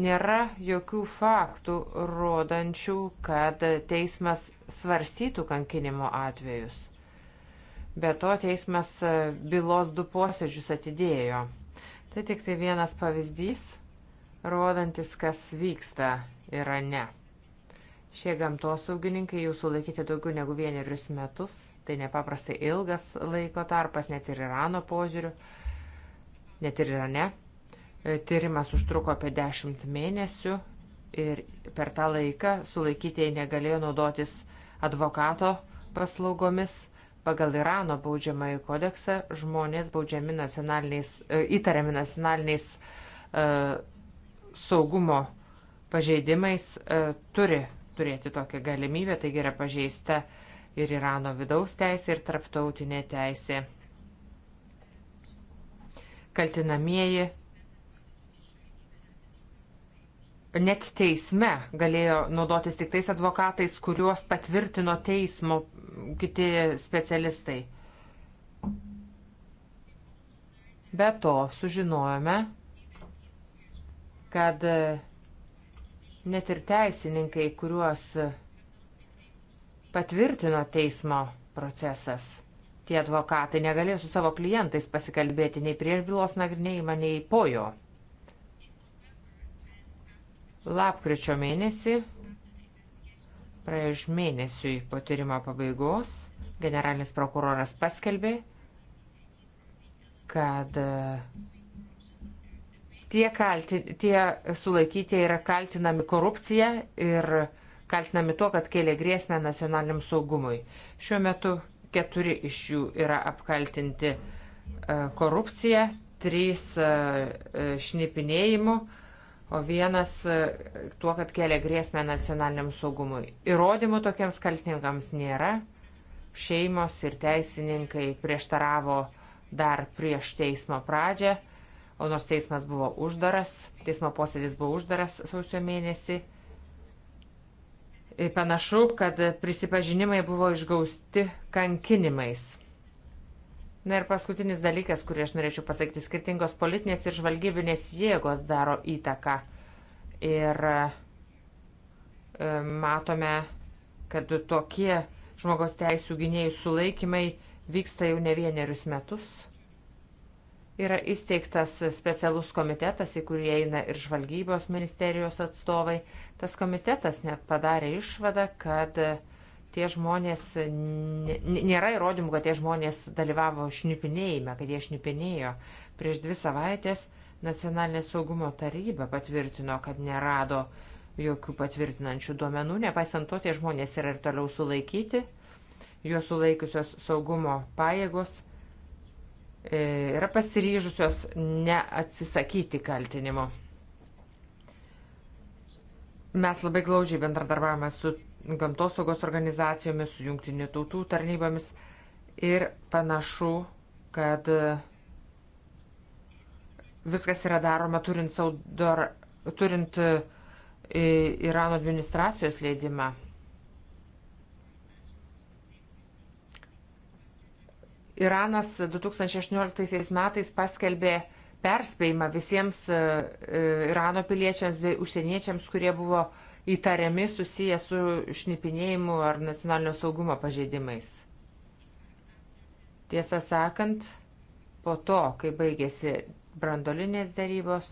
Nėra jokių faktų rodančių, kad teismas svarstytų kankinimo atvejus. Be to teismas bylos du posėdžius atidėjo. Tai tik tai vienas pavyzdys, rodantis, kas vyksta Irane. Šie gamtosaugininkai jau sulaikyti daugiau negu vienerius metus, tai nepaprastai ilgas laiko tarpas net ir Irano požiūriu, net ir Irane. E, tyrimas užtruko apie 10 mėnesių ir per tą laiką sulaikytieji negalėjo naudotis advokato paslaugomis. Pagal Irano baudžiamąjį kodeksą žmonės baudžiami nacionaliniais, e, įtariami nacionaliniais e, saugumo pažeidimais turi turėti tokią galimybę, taigi yra pažeista ir Irano vidaus teisė, ir tarptautinė teisė. Kaltinamieji net teisme galėjo naudotis tik tais advokatais, kuriuos patvirtino teismo kiti specialistai. Be to sužinojome, kad net ir teisininkai, kuriuos patvirtino teismo procesas, tie advokatai negalėjo su savo klientais pasikalbėti nei prieš bylos nagrinėjimą, nei po jo. Lapkričio mėnesį, praėjus mėnesiui po tyrimo pabaigos, generalinis prokuroras paskelbė, kad e, tie, kalti, tie sulaikyti yra kaltinami korupcija ir kaltinami tuo, kad kėlė grėsmę nacionaliniam saugumui. Šiuo metu keturi iš jų yra apkaltinti e, korupcija, trys e, šnipinėjimu, o vienas e, tuo, kad kelia grėsmę nacionaliniam saugumui. Įrodymų tokiems kaltininkams nėra. Šeimos ir teisininkai prieštaravo dar prieš teismo pradžią, o nors teismas buvo uždaras, teismo posėdis buvo uždaras sausio mėnesį. E, panašu, kad prisipažinimai buvo išgausti kankinimais. Na ir paskutinis dalykas, kurį aš norėčiau pasakyti, skirtingos politinės ir žvalgybinės jėgos daro įtaką. Ir e, matome, kad tokie žmogaus teisų gynėjų sulaikymai vyksta jau ne vienerius metus. Yra įsteigtas specialus komitetas, į kurį eina ir žvalgybos ministerijos atstovai. Tas komitetas net padarė išvadą, kad uh, tie žmonės, nėra įrodymų, kad tie žmonės dalyvavo šnipinėjime, kad jie šnipinėjo. Prieš dvi savaitės Nacionalinė saugumo taryba patvirtino, kad nerado jokių patvirtinančių duomenų, nepaisant to tie žmonės yra ir toliau sulaikyti, juos sulaikiusios saugumo pajėgos e, yra pasiryžusios neatsisakyti kaltinimo. Mes labai glaudžiai bendradarbiavame su gamtosaugos organizacijomis, su jungtinių tautų tarnybomis ir panašu, kad e, viskas yra daroma turint, saudor, turint e, Irano administracijos leidimą. Iranas 2018 metais paskelbė perspėjimą visiems e, Irano piliečiams bei užsieniečiams, kurie buvo uh, įtariami susiję su šnipinėjimu ar nacionalinio saugumo pažeidimais. Tiesą sakant, po to, kai baigėsi brandolinės darybos,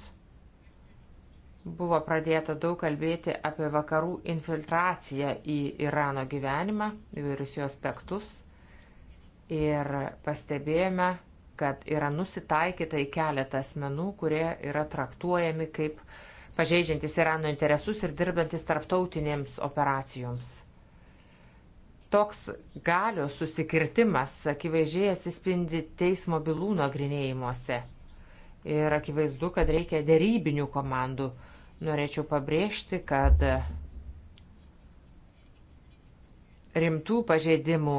buvo pradėta daug kalbėti apie vakarų infiltraciją į Irano gyvenimą, įvairius jo aspektus. Ir pastebėjome, kad yra nusitaikyta į keletą asmenų, kurie yra traktuojami kaip uh, pažeidžiantis Irano interesus ir dirbantis tarptautinėms operacijoms. Toks galios susikirtimas akivaizdžiai atsispindi teismo bylų nagrinėjimuose. Ir akivaizdu, kad reikia dėrybinių komandų. Norėčiau pabrėžti, kad rimtų pažeidimų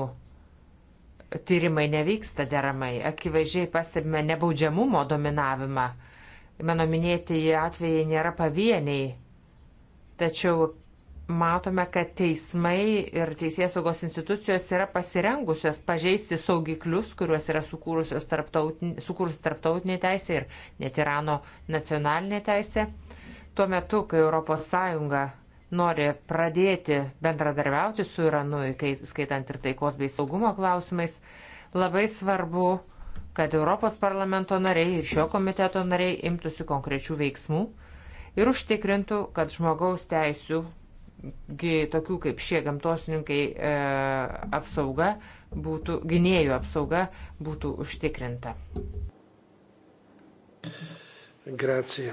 tyrimai nevyksta deramai. Akivaizdžiai pastebime nebaudžiamumo dominavimą Mano minėtieji atvejai nėra pavieniai, tačiau matome, kad teismai ir teisėsaugos institucijos yra pasirengusios pažeisti saugiklius, kuriuos yra sukūrusi tarptautinė, tarptautinė teisė ir net Irano nacionalinė teisė. Tuo metu, kai ES nori pradėti bendradarbiauti su Iranu, skaitant ir taikos bei saugumo klausimais, labai svarbu kad Europos parlamento nariai ir šio komiteto nariai imtųsi konkrečių veiksmų ir užtikrintų, kad žmogaus teisų, tokių kaip šie gamtosininkai e, apsauga, būtų, gynėjų apsauga būtų užtikrinta. Grazie.